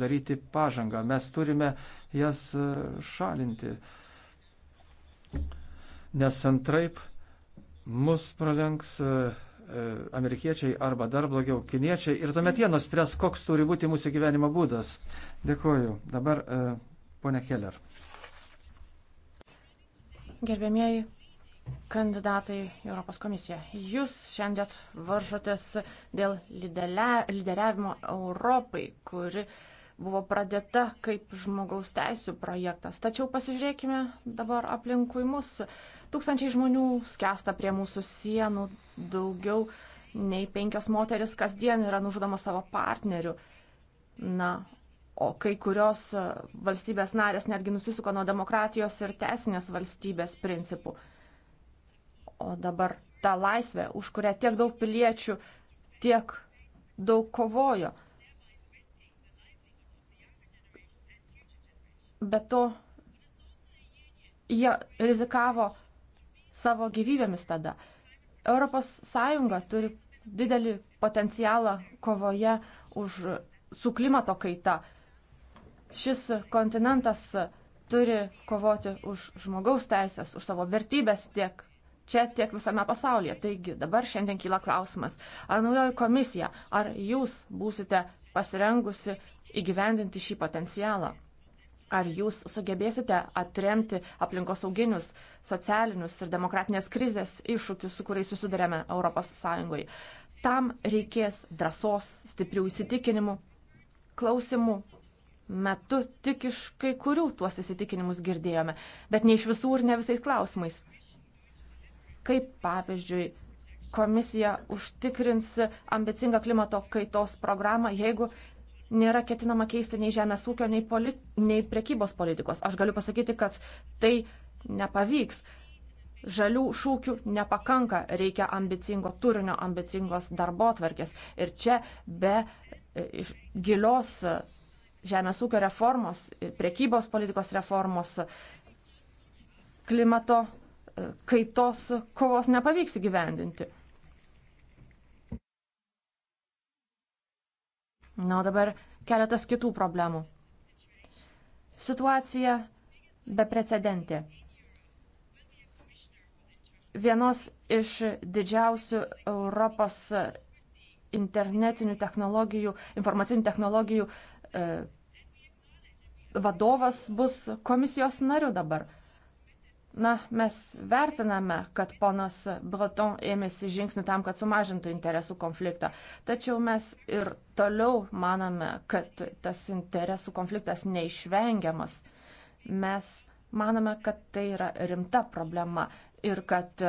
daryti pažangą. Mes turime jas e, šalinti. Nes antraip mus pralenks e, e, amerikiečiai arba dar blogiau kiniečiai ir tuomet jie nuspręs, koks turi būti mūsų gyvenimo būdas. Dėkuoju. Dabar ponė Keller. Gerbėmieji kandidatai į Europos komisiją, jūs šiandien varžotės dėl lidelia, lyderiavimo Europai, kuri uh, buvo pradėta kaip žmogaus teisų projektas. Tačiau pasižiūrėkime dabar aplinkui mus. Tūkstančiai žmonių skęsta prie mūsų sienų, daugiau nei penkios moteris kasdien yra nužudoma savo partnerių. Na, o kai kurios valstybės narės netgi nusisuko nuo demokratijos ir teisinės valstybės principų. O dabar ta laisvė, už kurią tiek daug piliečių, tiek daug kovojo. bet to jie rizikavo savo gyvybėmis tada. Europos Sąjunga turi didelį potencialą kovoje už, su klimato kaita. Šis kontinentas turi kovoti už žmogaus teisės, už savo vertybės tiek čia, tiek visame pasaulyje. Taigi dabar šiandien kyla klausimas, ar naujoji komisija, ar jūs būsite pasirengusi įgyvendinti šį potencialą. Ar jūs sugebėsite atremti aplinkosauginius, socialinius ir demokratinės krizės iššūkius, su kuriais susidurėme ES? Tam reikės drąsos, stiprių įsitikinimų, klausimų metu tik iš kai kurių tuos įsitikinimus girdėjome, bet ne iš visų ir ne visais klausimais. Kaip pavyzdžiui, komisija užtikrins ambicingą klimato kaitos programą, jeigu nėra ketinama keisti nei žemės ūkio, nei, polit, nei prekybos politikos. Aš galiu pasakyti, kad tai nepavyks. Žalių šūkių nepakanka, reikia ambicingo turinio, ambicingos darbo tvarkės. Ir čia be e, gilios e, žemės ūkio reformos, e, prekybos politikos reformos, klimato kaitos kovos nepavyks įgyvendinti. Na, o dabar keletas kitų problemų. Situacija beprecedentė. Vienos iš didžiausių Europos internetinių technologijų, informacinių technologijų e, vadovas bus komisijos nariu dabar. Na, mes vertiname, kad ponas Breton ėmėsi žingsnių tam, kad sumažintų interesų konfliktą. Tačiau mes ir toliau maname, kad tas interesų konfliktas neišvengiamas. Mes manome, kad tai yra rimta problema ir kad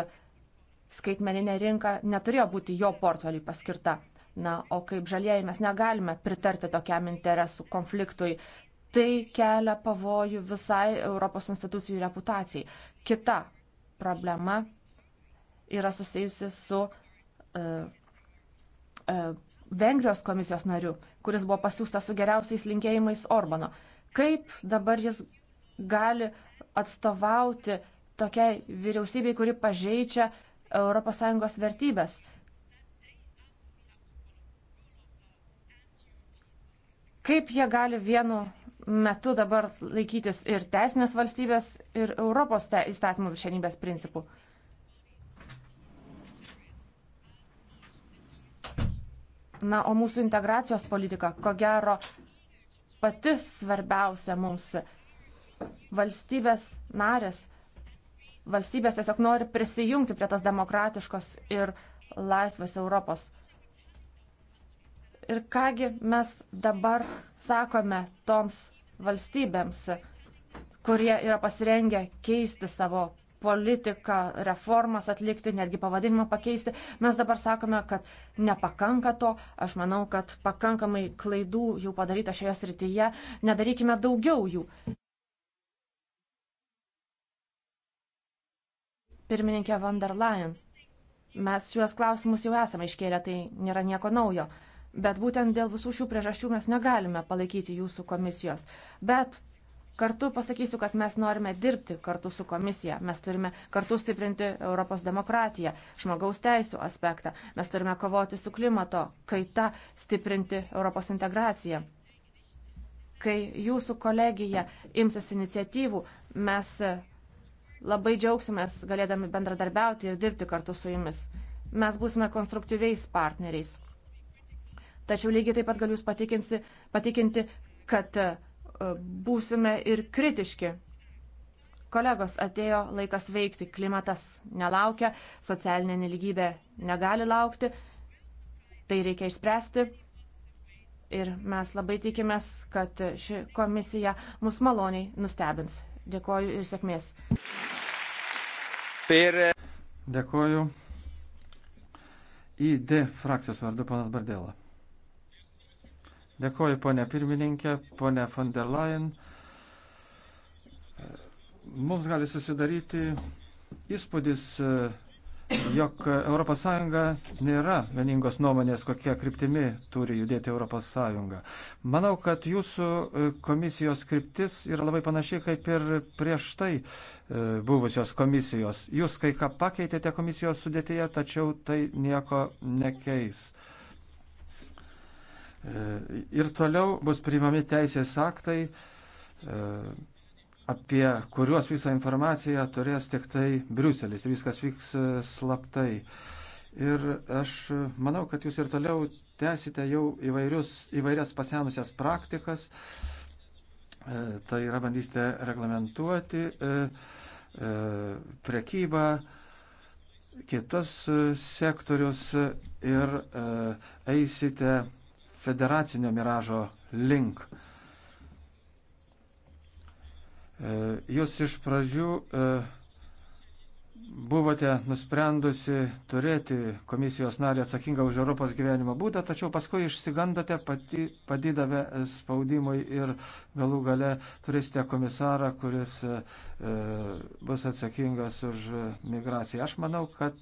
skaitmeninė rinka neturėjo būti jo portfeliui paskirta. Na, o kaip žalieji mes negalime pritarti tokiam interesų konfliktui, tai kelia pavojų visai Europos institucijų reputacijai. Kita problema yra susijusi su e, e, Vengrijos komisijos nariu, kuris buvo pasiūstas su geriausiais linkėjimais Orbano. Kaip dabar jis gali atstovauti tokiai vyriausybei, kuri pažeidžia ES vertybės? Kaip jie gali vienu metu dabar laikytis ir teisinės valstybės, ir Europos te įstatymų viršenybės principų. Na, o mūsų integracijos politika, ko gero, pati svarbiausia mums. Valstybės narės, valstybės tiesiog nori prisijungti prie tos demokratiškos ir laisvės Europos. Ir kągi mes dabar sakome toms valstybėms, kurie yra pasirengę keisti savo politiką, reformas atlikti, netgi pavadinimą pakeisti. Mes dabar sakome, kad nepakanka to. Aš manau, kad pakankamai klaidų jau padaryta šioje srityje. Nedarykime daugiau jų. Pirmininkė von der Leyen. Mes šiuos klausimus jau esame iškėlę, tai nėra nieko naujo. Bet būtent dėl visų šių priežasčių mes negalime palaikyti jūsų komisijos. Bet kartu pasakysiu, kad mes norime dirbti kartu su komisija. Mes turime kartu stiprinti Europos demokratiją, žmogaus teisų aspektą. Mes turime kovoti su klimato kaita, stiprinti Europos integraciją. Kai jūsų kolegija imsis iniciatyvų, mes labai džiaugsimės galėdami bendradarbiauti ir dirbti kartu su jumis. Mes būsime konstruktyviais partneriais. Tačiau lygiai taip pat galiu Jūs patikinti, patikinti kad e, būsime ir kritiški. Kolegos, atėjo laikas veikti, klimatas nelaukia, socialinė neligybė negali laukti, tai reikia išspręsti. Ir mes labai tikimės, kad ši komisija mus maloniai nustebins. Dėkoju ir sėkmės. Per... Dėkoju. ID frakcijos vardu panas Bardėlą. Dėkuoju, ponė pirmininkė, ponė von der Leyen. Mums gali susidaryti įspūdis, jog ES nėra vieningos nuomonės, kokia kryptimi turi judėti ES. Manau, kad jūsų komisijos kryptis yra labai panašiai kaip ir prieš tai e, buvusios komisijos. Jūs kai ką pakeitėte komisijos sudėtyje, tačiau tai nieko nekeis. E, ir toliau bus priimami teisės aktai, e, apie kuriuos visą informaciją turės tik tai Briuselis. Viskas vyks e, slaptai. Ir aš manau, kad jūs ir toliau tęsite jau įvairius, įvairias pasenusias praktikas. Tai yra bandysite reglamentuoti prekybą, kitus sektorius ir eisite federacinio miražo link. E, jūs iš pradžių e, buvote nusprendusi turėti komisijos narį atsakingą už Europos gyvenimo būdą, tačiau paskui išsigandote pati, padidavę spaudimui ir galų gale turėsite komisarą, kuris e, bus atsakingas už migraciją. Aš manau, kad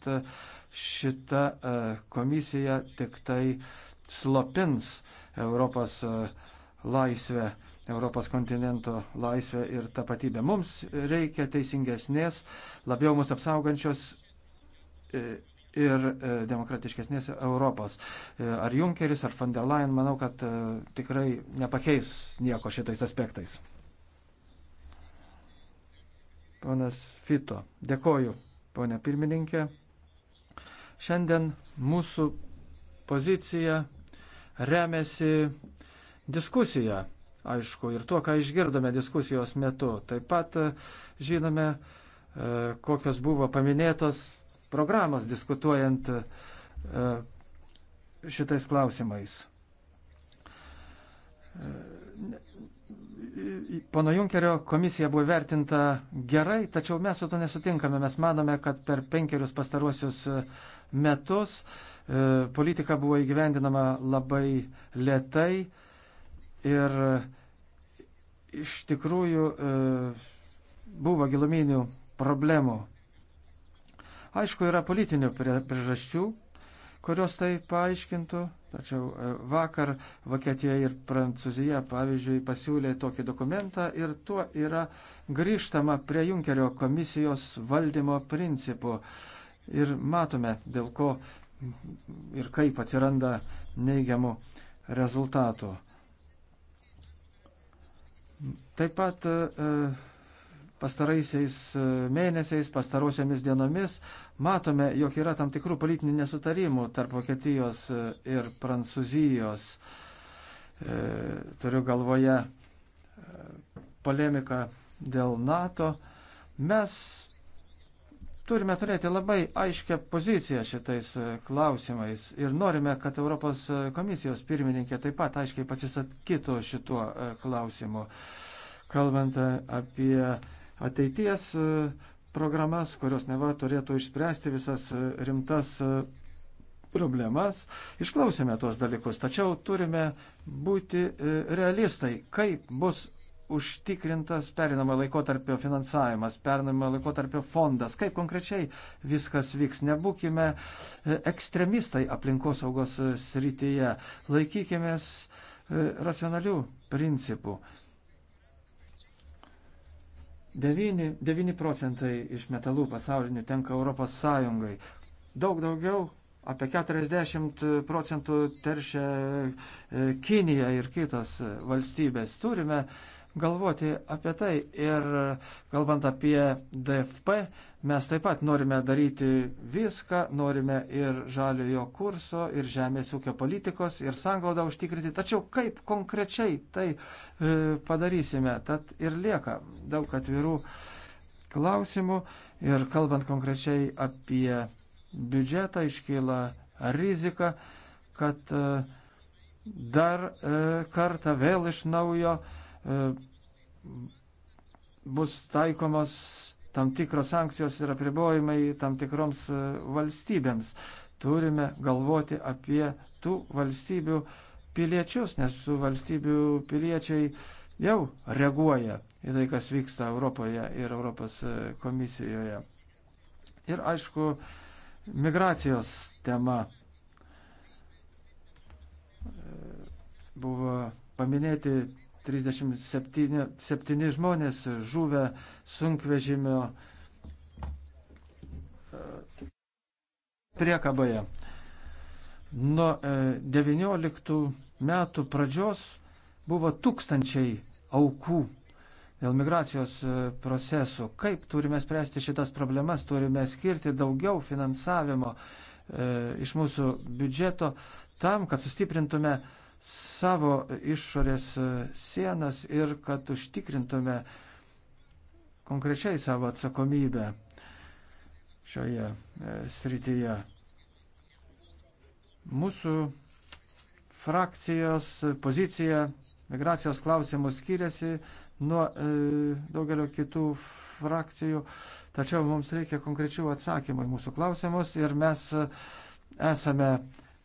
šita e, komisija tik tai e, slopins Europos e, laisvę, Europos kontinento laisvę ir tapatybę. Mums reikia teisingesnės, labiau mus apsaugančios e, ir e, demokratiškesnės Europos. Ar Junkeris, ar von der Leyen, manau, kad tikrai nepakeis nieko šitais aspektais. Ponas Fito, dėkoju, ponė pirmininkė. Šiandien mūsų pozicija remiasi diskusija, aišku, ir tuo, ką išgirdome diskusijos metu. Taip pat e, žinome, e, kokios buvo paminėtos programos diskutuojant e, šitais klausimais. Pono Junkerio komisija buvo vertinta gerai, tačiau mes su to nesutinkame. Mes manome, kad per penkerius pastaruosius metus E, politika buvo įgyvendinama labai lietai ir iš tikrųjų e, buvo giluminių problemų. Aišku, yra politinių priežasčių, kurios tai paaiškintų, tačiau e, vakar Vokietija ir Prancūzija, pavyzdžiui, pasiūlė tokį dokumentą ir tuo yra grįžtama prie Junkerio komisijos valdymo principų. Ir matome, dėl ko ir kaip atsiranda neigiamų rezultatų. Taip pat e, pastaraisiais e, mėnesiais, pastarosiamis dienomis matome, jog yra tam tikrų politinių nesutarimų tarp Vokietijos e, ir Prancūzijos. Turiu galvoje polemiką dėl NATO. Mes Turime turėti labai aiškę poziciją šitais e, klausimais ir norime, kad Europos e, komisijos pirmininkė taip pat aiškiai pasisakytų šituo e, klausimu. Kalbant apie ateities programas, kurios neva turėtų išspręsti visas rimtas problemas, išklausėme tuos dalykus, tačiau turime būti realistai, kaip bus užtikrintas perinamo laikotarpio finansavimas, perinamo laikotarpio fondas. Kaip konkrečiai viskas vyks? Nebūkime e, ekstremistai aplinkosaugos e, srityje. Laikykimės e, racionalių principų. 9, 9 procentai iš metalų pasaulinių tenka Europos Sąjungai. Daug daugiau apie 40 procentų teršia Kinija ir kitos valstybės. Turime uh, galvoti apie tai. Ir kalbant apie DFP, mes taip pat norime daryti viską, norime ir žaliojo kurso, ir žemės ūkio politikos, ir sanglaudą užtikrinti. Tačiau kaip konkrečiai tai e, padarysime, tad ir lieka daug atvirų klausimų. Ir kalbant konkrečiai apie biudžetą, iškyla rizika, kad e, dar e, kartą vėl iš naujo e, E, bus taikomos tam tikros sankcijos ir apribojimai tam tikroms e, valstybėms. Turime galvoti apie tų valstybių piliečius, nes su valstybių piliečiai jau reaguoja į tai, kas vyksta Europoje ir Europos e, komisijoje. Ir aišku, migracijos tema buvo paminėti 37 7 žmonės žuvę sunkvežimio e, priekaboje. Nuo 19 e, metų pradžios buvo tūkstančiai aukų dėl migracijos e, procesų. Kaip turime spręsti šitas problemas, turime skirti daugiau finansavimo e, iš mūsų biudžeto tam, kad sustiprintume savo išorės sienas ir kad užtikrintume konkrečiai savo atsakomybę šioje e, srityje. Mūsų frakcijos pozicija migracijos klausimų skiriasi nuo e, daugelio kitų frakcijų, tačiau mums reikia konkrečių atsakymų į mūsų klausimus ir mes e, esame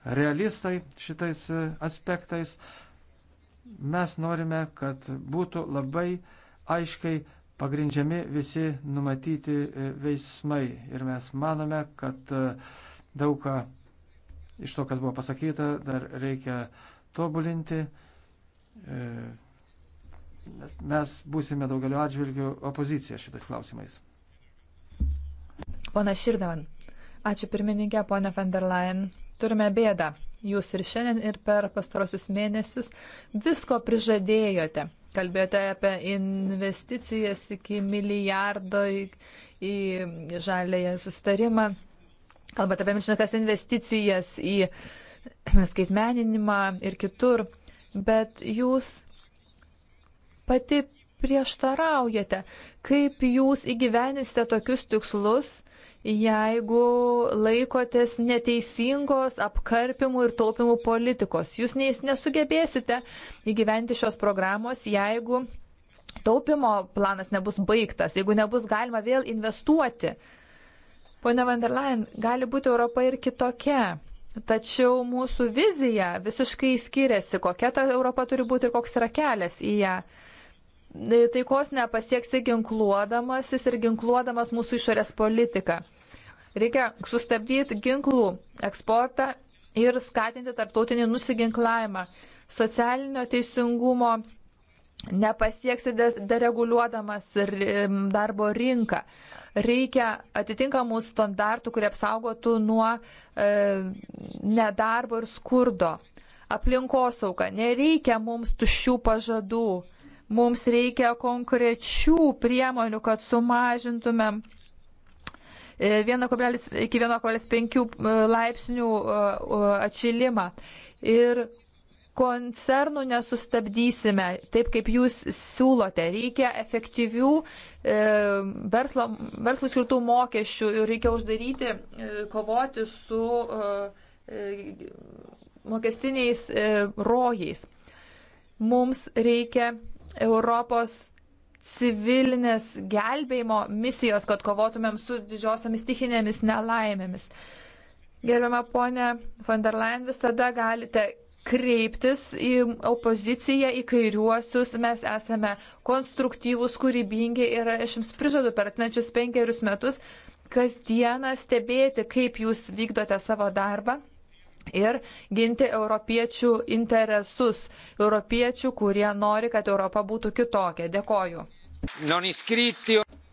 realistai šitais e, aspektais. Mes norime, kad būtų labai aiškiai pagrindžiami visi numatyti e, veiksmai. Ir mes manome, kad e, daugą iš to, kas buvo pasakyta, dar reikia tobulinti. Mes būsime daugeliu atžvilgių opozicija šitais klausimais. Pona Širdavan, ačiū pirmininkė, ponia van der Leyen turime bėdą. Jūs ir šiandien, ir per pastarosius mėnesius visko prižadėjote. Kalbėjote apie investicijas iki milijardo į, į žalėje sustarimą. Kalbate apie milžiniškas investicijas į skaitmeninimą ir kitur. Bet jūs pati prieštaraujate, kaip jūs įgyvenysite tokius tikslus, jeigu laikotės neteisingos apkarpimų ir taupimų politikos. Jūs nesugebėsite įgyventi šios programos, jeigu taupimo planas nebus baigtas, jeigu nebus galima vėl investuoti. Pone van der Leyen, gali būti Europa ir kitokia. Tačiau mūsų vizija visiškai skiriasi, kokia ta Europa turi būti ir koks yra kelias į ją. E, taikos nepasieksi ginkluodamasis ir ginkluodamas mūsų išorės politiką. Reikia sustabdyti ginklų eksportą ir skatinti tarptautinį nusiginklavimą. Socialinio teisingumo nepasieksi dereguliuodamas darbo rinką. Reikia atitinkamų standartų, kurie apsaugotų nuo e, nedarbo ir skurdo. Aplinkosauga. Nereikia mums tuščių pažadų. Mums reikia konkrečių priemonių, kad sumažintumėm 1, e, iki 1,5 e, laipsnių e, atšilimą. Ir koncernų nesustabdysime taip, kaip jūs siūlote. Reikia efektyvių e, verslo, verslo skirtų mokesčių ir reikia uždaryti, e, kovoti su e, mokestiniais e, rojais. Mums reikia Europos civilinės gelbėjimo misijos, kad kovotumėm su didžiosiomis stichinėmis nelaimėmis. Gerbiama ponė von der Leyen, visada galite kreiptis į opoziciją, į kairiuosius. Mes esame konstruktyvūs, kūrybingi ir aš jums prižadu per atnečius penkerius metus kasdieną stebėti, kaip jūs vykdote savo darbą ir ginti europiečių interesus, europiečių, kurie nori, kad Europa būtų kitokia. Dėkoju.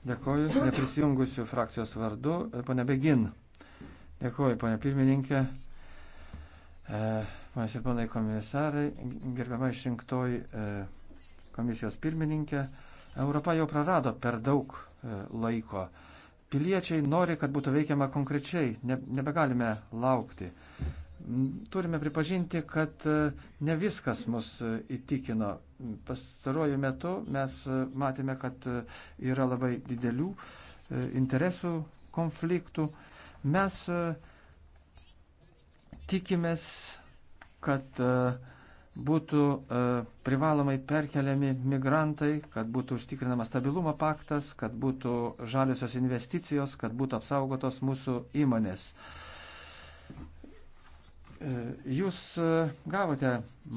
Dėkoju, neprisijungusių frakcijos vardu, e, pane Begin. Dėkoju, pane pirmininkė, e, panas ir panai komisarai, gerbiama išrinktoji e, komisijos pirmininkė. Europa jau prarado per daug laiko piliečiai nori, kad būtų veikiama konkrečiai, ne, nebegalime laukti. Turime pripažinti, kad e, ne viskas mus e, įtikino. Pastaruoju metu mes e, matėme, kad yra labai didelių interesų konfliktų. Mes tikimės, kad būtų privalomai perkeliami migrantai, kad būtų užtikrinamas stabilumo paktas, kad būtų žaliosios investicijos, kad būtų apsaugotos mūsų įmonės. Uh, E, jūs e, gavote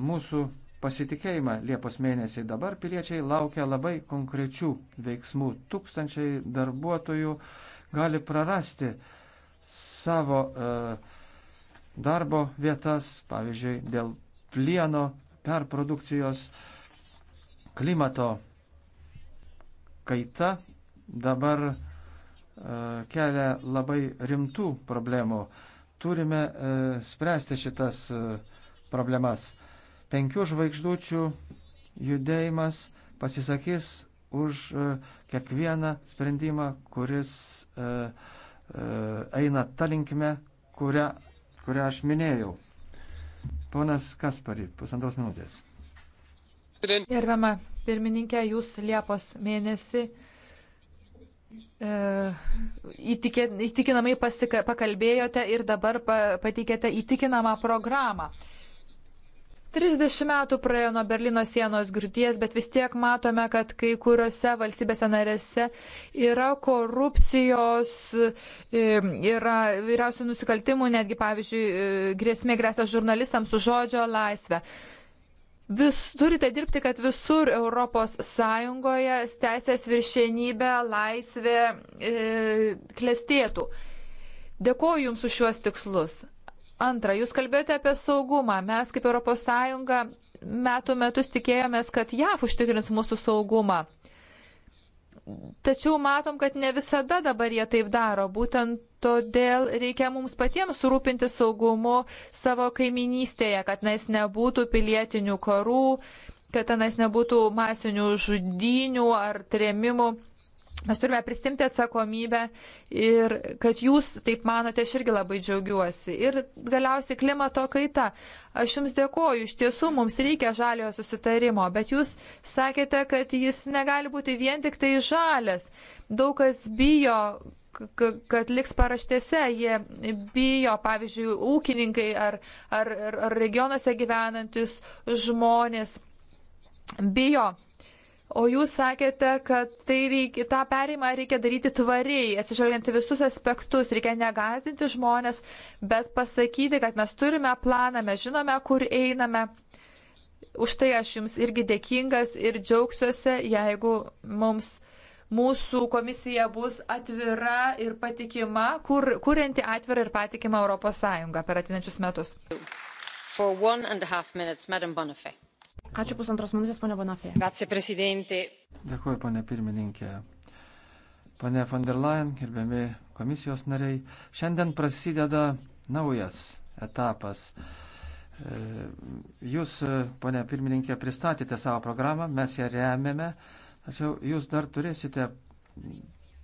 mūsų pasitikėjimą Liepos mėnesį. Dabar piliečiai laukia labai konkrečių veiksmų. Tūkstančiai darbuotojų gali prarasti savo e, darbo vietas, pavyzdžiui, dėl plieno perprodukcijos, klimato kaita dabar e, kelia labai rimtų problemų. E, turime e, spręsti šitas e, problemas. Penkių žvaigždučių judėjimas pasisakys už e, kiekvieną sprendimą, kuris e, e, eina tą linkme, kurią, kurią aš minėjau. Ponas Kaspari, pusantros minutės. Gerbiama pirmininkė, jūs Liepos mėnesį E, įtikinamai pasika, pakalbėjote ir dabar pateikėte įtikinamą programą. 30 metų praėjo nuo Berlyno sienos griūties, bet vis tiek matome, kad kai kuriuose valstybėse narėse yra korupcijos, e, yra vyriausių nusikaltimų, netgi, pavyzdžiui, e, grėsmė grėsia žurnalistams su žodžio laisvė. Vis turite dirbti, kad visur ES teisės viršienybė, laisvė e, klestėtų. Dėkuoju Jums už šiuos tikslus. Antra, Jūs kalbėjote apie saugumą. Mes kaip ES metų metus tikėjomės, kad JAF užtikrins mūsų saugumą. Tačiau matom, kad ne visada dabar jie taip daro. Būtent Todėl reikia mums patiems rūpinti saugumu savo kaiminystėje, kad nes nebūtų pilietinių karų, kad tenais nebūtų masinių žudynių ar trėmimų. Mes turime prisimti atsakomybę ir kad jūs taip manote, aš irgi labai džiaugiuosi. Ir galiausiai klimato kaita. Aš jums dėkoju, iš tiesų mums reikia žaliojo susitarimo, bet jūs sakėte, kad jis negali būti vien tik tai žalias. Daug kas bijo, kad liks paraštėse, jie bijo, pavyzdžiui, ūkininkai ar, ar, ar regionuose gyvenantis žmonės bijo. O jūs sakėte, kad tai reikia, tą perimą reikia daryti tvariai, atsižvelgiant į visus aspektus, reikia negazdinti žmonės, bet pasakyti, kad mes turime planą, mes žinome, kur einame. Už tai aš jums irgi dėkingas ir džiaugsiuosi, jeigu mums uh, Mūsų komisija bus atvira ir patikima, kur, kurianti atvirą ir patikimą Europos Sąjungą per atinančius metus. Minutes, Ačiū pusantros minutės, ponia Bonafė. Dėkuoju, ponia pirmininkė. Pane von der Leyen, gerbiami komisijos nariai, šiandien prasideda naujas etapas. E, jūs, ponia pirmininkė, pristatėte savo programą, mes ją remiame Tačiau jūs dar turėsite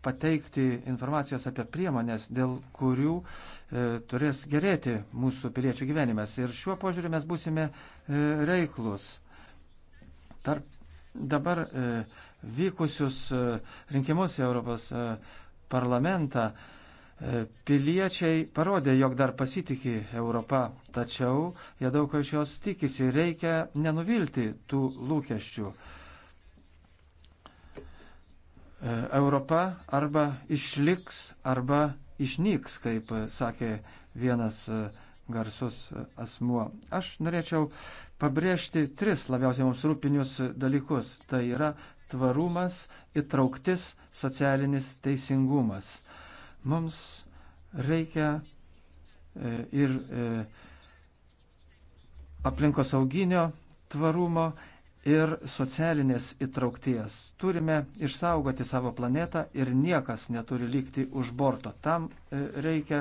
pateikti informacijos apie priemonės, dėl kurių e, turės gerėti mūsų piliečių gyvenimas. Ir šiuo požiūriu mes būsime e, reiklus. Per dabar e, vykusius e, rinkimus į Europos e, parlamentą e, piliečiai parodė, jog dar pasitikė Europą, tačiau jie daug iš jos tikisi. Reikia nenuvilti tų lūkesčių. E, E, Europa arba išliks, arba išnyks, kaip e, sakė vienas e, garsus asmuo. Aš norėčiau pabrėžti tris labiausiai mums rūpinius dalykus. Tai yra tvarumas, įtrauktis, socialinis teisingumas. Mums reikia ir aplinkosauginio tvarumo, ir socialinės įtraukties. Turime išsaugoti savo planetą ir niekas neturi likti už borto. Tam e, reikia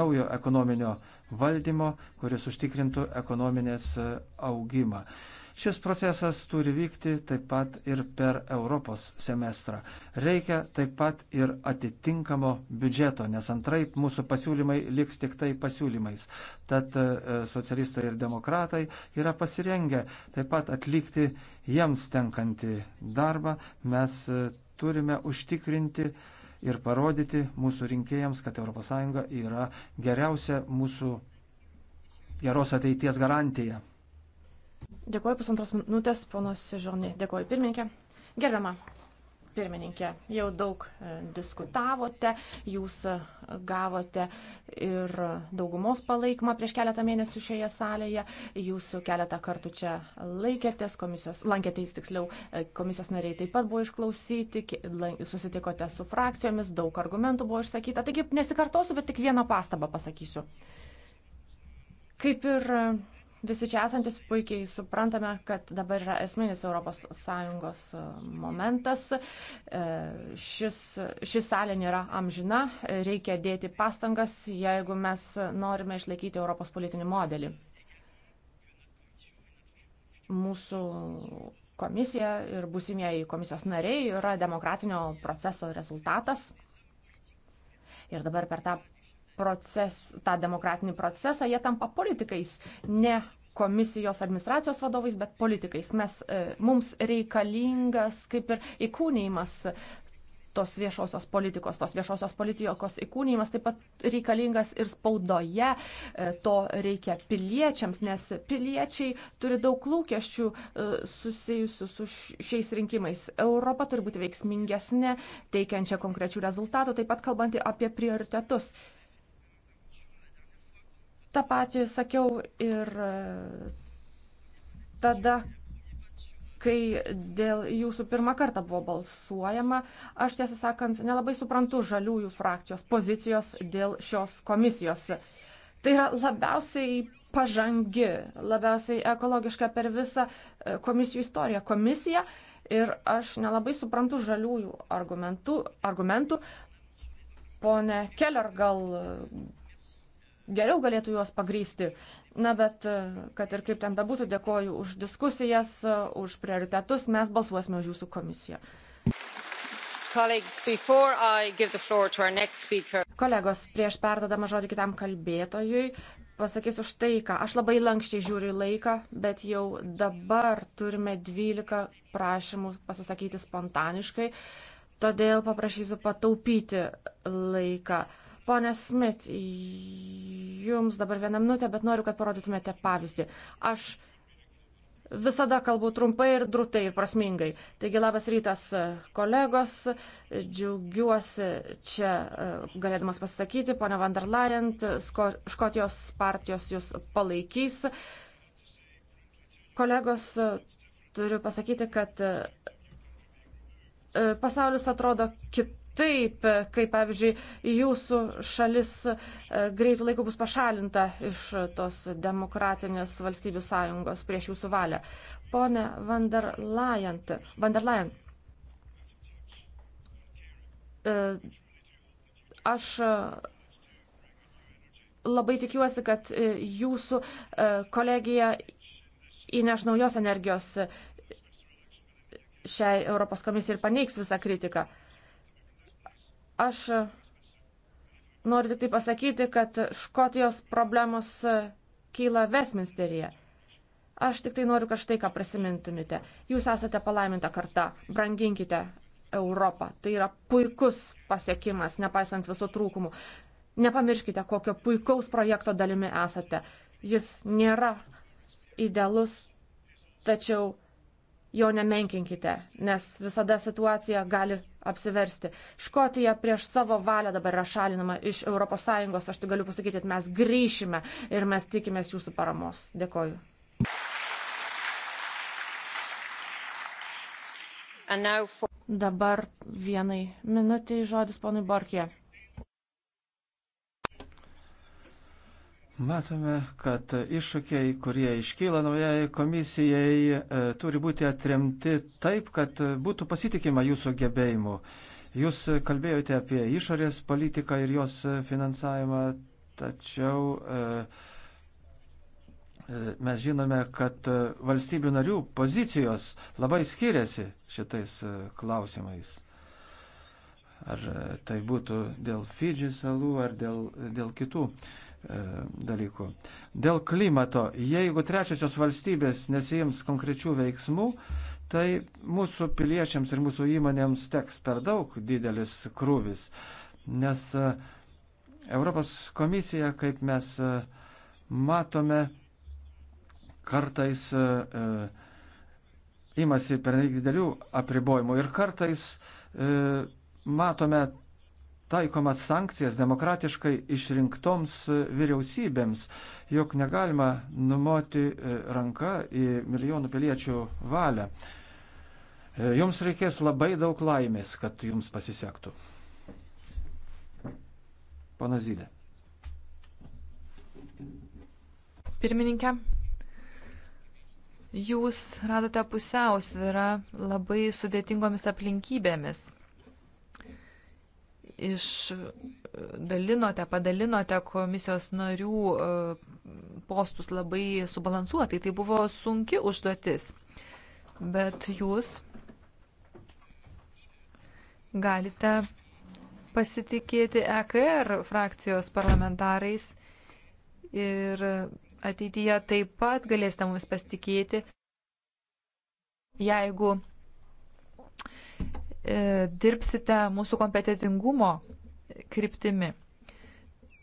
naujo ekonominio valdymo, kuris užtikrintų ekonominės e, augimą. Šis procesas turi vykti taip pat ir per Europos semestrą. Reikia taip pat ir atitinkamo biudžeto, nes antraip mūsų pasiūlymai liks tik tai pasiūlymais. Tad e, socialistai ir demokratai yra pasirengę taip pat atlikti jiems tenkantį darbą. Mes e, turime užtikrinti ir parodyti mūsų rinkėjams, kad ES yra geriausia mūsų geros ateities garantija. Dėkuoju pusantros minutės, ponas Žurnė. Dėkuoju pirmininkė. Gerbiama pirmininkė, jau daug e, diskutavote, jūs e, gavote ir daugumos palaikymą prieš keletą mėnesių šioje salėje, jūs keletą kartų čia laikėtės, komisijos, lankėtės tiksliau, e, komisijos nariai taip pat buvo išklausyti, susitikote su frakcijomis, daug argumentų buvo išsakyta, taigi nesikartosiu, bet tik vieną pastabą pasakysiu. Kaip ir Visi čia esantis puikiai suprantame, kad dabar yra esminis ES e, momentas. E, šis, šis salė nėra amžina, reikia dėti pastangas, jeigu mes norime išlaikyti Europos politinį modelį. Mūsų komisija ir būsimieji komisijos nariai yra demokratinio proceso rezultatas. Ir dabar per tą proces, tą demokratinį procesą, jie tampa politikais, ne komisijos administracijos vadovais, bet politikais. Mes, e, mums reikalingas kaip ir įkūnėjimas tos viešosios politikos, tos viešosios politikos įkūnymas taip pat reikalingas ir spaudoje, e, to reikia piliečiams, nes piliečiai turi daug lūkesčių e, susijusių su šiais rinkimais. Europa turi būti veiksmingesnė, teikiančia konkrečių rezultatų, taip pat kalbant apie prioritetus. Ta pati sakiau ir e, tada, kai dėl jūsų pirmą kartą buvo balsuojama, aš tiesą sakant nelabai suprantu žaliųjų frakcijos pozicijos dėl šios komisijos. Tai yra labiausiai pažangi, labiausiai ekologiška per visą e, komisijų istoriją komisija ir aš nelabai suprantu žaliųjų argumentų. argumentų. Pone Keller, gal geriau galėtų juos pagrysti. Na, bet e, kad ir kaip ten bebūtų, dėkoju už diskusijas, e, už prioritetus, mes balsuosime už jūsų komisiją. Kolegos, prieš perdodama žodį kitam kalbėtojui, pasakysiu štai ką. Aš labai lankščiai žiūriu laiką, bet jau dabar turime 12 prašymų pasisakyti spontaniškai, todėl paprašysiu pataupyti laiką. Pone Smith, jums dabar vieną minutę, bet noriu, kad parodytumėte pavyzdį. Aš visada kalbu trumpai ir drūtai ir prasmingai. Taigi labas rytas, kolegos. Džiaugiuosi čia e, galėdamas pasakyti, ponia van der Leyen, Škotijos partijos jūs palaikys. Kolegos, turiu pasakyti, kad e, pasaulis atrodo kitaip taip, kaip pavyzdžiui, jūsų šalis e, greitų laikų bus pašalinta iš tos demokratinės valstybių sąjungos prieš jūsų valią. Pone van der Leyen, van der Leyen e, aš e, labai tikiuosi, kad jūsų kolegija įneš naujos energijos šiai Europos komisijai ir paneigs visą kritiką. Aš e, noriu tik tai pasakyti, kad Škotijos problemos e, kyla Westminsteryje. Aš tik tai noriu kažtai ką prisimintumėte. Jūs esate palaiminta karta, branginkite Europą. Tai yra puikus pasiekimas, nepaisant visų trūkumų. Nepamirškite, kokio puikaus projekto dalimi esate. Jis nėra idealus, tačiau jo nemenkinkite, nes visada situacija gali apsiversti. Škotija prieš savo valią dabar yra šalinama iš ES, aš tai galiu pasakyti, kad mes grįšime ir mes tikimės jūsų paramos. Dėkoju. For... Dabar vienai minutiai žodis ponui Borkė. Matome, kad iššūkiai, kurie iškyla naujai komisijai, e, turi būti atremti taip, kad būtų pasitikima jūsų gebėjimu. Jūs kalbėjote apie išorės politiką ir jos finansavimą, tačiau e, e, mes žinome, kad valstybių narių pozicijos labai skiriasi šitais klausimais. Ar tai būtų dėl Fidži salų, ar dėl, dėl kitų. Uh, E, dalykų. Dėl klimato, jeigu trečiosios valstybės nesijims konkrečių veiksmų, tai mūsų piliečiams ir mūsų įmonėms teks per daug didelis krūvis, nes e, Europos komisija, kaip mes e, matome, kartais imasi per didelių apribojimų ir kartais matome taikomas sankcijas demokratiškai išrinktoms e, vyriausybėms, jog negalima numoti e, ranka į milijonų piliečių valią. E, jums reikės labai daug laimės, kad jums pasisektų. Pana Zylė. Pirmininkė, jūs radote pusiausvyrą labai sudėtingomis aplinkybėmis išdalinote, padalinote komisijos narių e, postus labai subalansuotai. Tai buvo sunki užduotis. Bet jūs galite pasitikėti EKR frakcijos parlamentarais ir ateityje taip pat galėsite mums pasitikėti, jeigu E, dirbsite mūsų kompetitingumo kryptimi.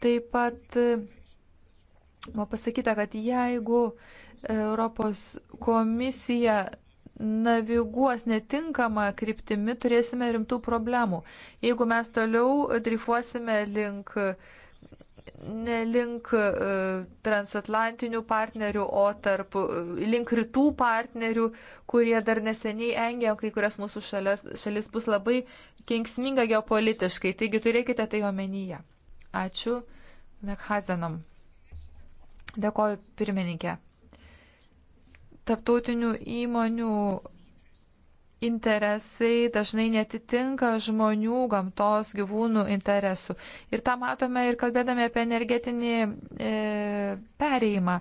Taip pat e, buvo pasakyta, kad jeigu Europos komisija naviguos netinkama kryptimi, turėsime rimtų problemų. Jeigu mes toliau drifuosime link ne link e, transatlantinių partnerių, o tarp, e, link rytų partnerių, kurie dar neseniai engė kai kurias mūsų šalis, šalis bus labai kengsminga geopolitiškai. Taigi turėkite tai omenyje. Ačiū Nekhazenom. Dėkoju pirmininkė. Taptautinių įmonių interesai dažnai netitinka žmonių, gamtos, gyvūnų interesų. Ir tą matome ir kalbėdami apie energetinį e, pereimą.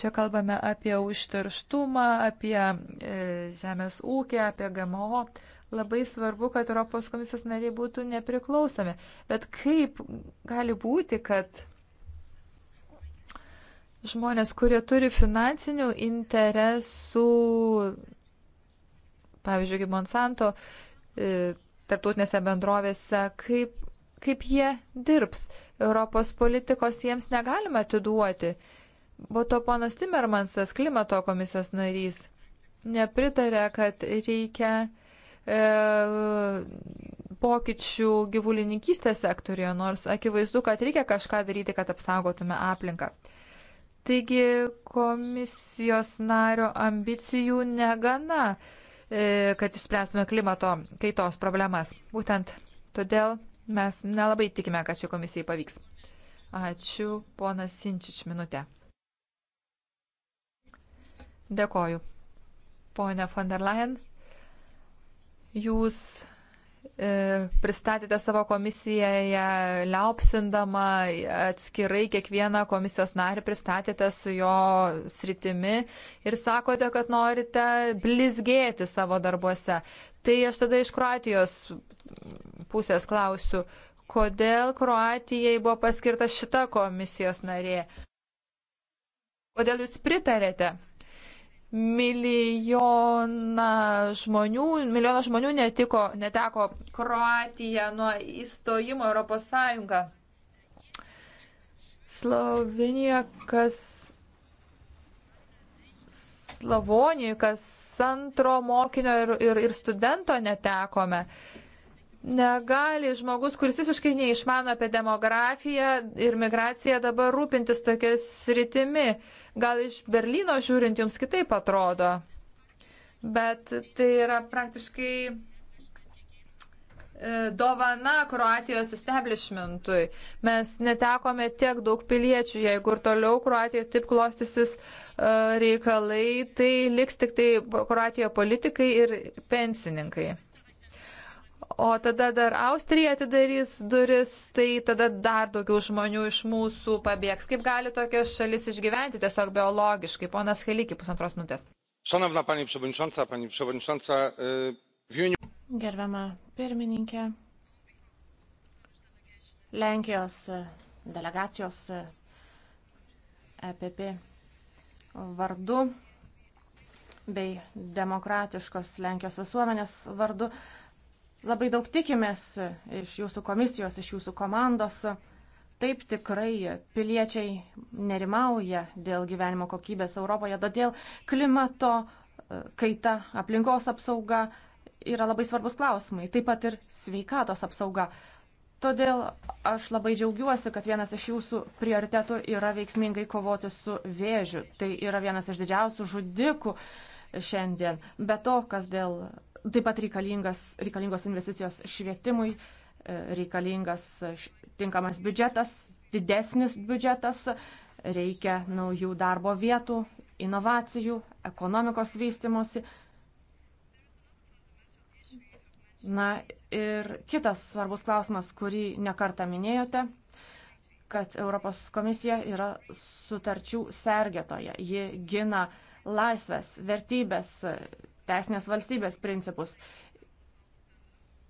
Čia kalbame apie užterštumą, apie e, žemės ūkį, apie GMO. Labai svarbu, kad Europos komisijos nariai būtų nepriklausomi. Bet kaip gali būti, kad žmonės, kurie turi finansinių interesų pavyzdžiui, kaip Monsanto e, tarptautinėse bendrovėse, kaip, kaip jie dirbs. Europos politikos jiems negalima atiduoti. Buvo to ponas Timmermansas, klimato komisijos narys, nepritarė, kad reikia e, pokyčių gyvulininkystės sektorijoje, nors akivaizdu, kad reikia kažką daryti, kad apsaugotume aplinką. Taigi komisijos nario ambicijų negana. E, E, kad išspręstume klimato kaitos problemas. Būtent todėl mes nelabai tikime, kad šiai komisijai pavyks. Ačiū, ponas Sinčič, minutę. Dėkoju. Pone von der Leyen, jūs E, pristatėte savo komisijoje liaupsindama atskirai kiekvieną komisijos narį, pristatėte su jo sritimi ir sakote, kad norite blizgėti savo darbuose. Tai aš tada iš Kroatijos pusės klausiu, kodėl Kroatijai buvo paskirta šita komisijos narė? Kodėl jūs pritarėte? milijoną žmonių, milijoną žmonių netiko, neteko Kroatija nuo įstojimo Europos Sąjungą. Slovenija, kas Slavonijoje, kas antro mokinio ir, ir, ir studento netekome. Negali žmogus, kuris visiškai neišmano apie demografiją ir migraciją, dabar rūpintis tokias rytimi. Uh, Gal iš Berlyno žiūrint jums kitaip atrodo, bet tai yra praktiškai e, dovana Kroatijos establishmentui. Mes netekome tiek daug piliečių, jeigu ir toliau Kroatijoje taip klostysis e, reikalai, tai liks tik tai Kroatijoje politikai ir pensininkai. O tada dar Austrija atidarys duris, tai tada dar daugiau žmonių iš mūsų pabėgs. Kaip gali tokias šalis išgyventi tiesiog biologiškai? Ponas Heliki, pusantros minutės. Šanovna, pani Przewodnicząca, pani Przewodnicząca, Vilnių. Gerbiama pirmininkė, Lenkijos delegacijos EPP vardu bei demokratiškos Lenkijos visuomenės vardu Labai daug tikimės iš jūsų komisijos, iš jūsų komandos. Taip tikrai piliečiai nerimauja dėl gyvenimo kokybės Europoje, todėl klimato e, kaita, aplinkos apsauga yra labai svarbus klausimai, taip pat ir sveikatos apsauga. Todėl aš labai džiaugiuosi, kad vienas iš jūsų prioritetų yra veiksmingai kovoti su vėžiu. Tai yra vienas iš didžiausių žudikų šiandien. Be to, kas dėl Taip pat reikalingos investicijos švietimui, e, reikalingas e, tinkamas biudžetas, didesnis biudžetas, reikia naujų darbo vietų, inovacijų, ekonomikos vystimosi. Na ir kitas svarbus klausimas, kurį nekartą minėjote, kad Europos komisija yra sutarčių sergėtoja. Ji gina laisvės, vertybės, teisinės valstybės principus.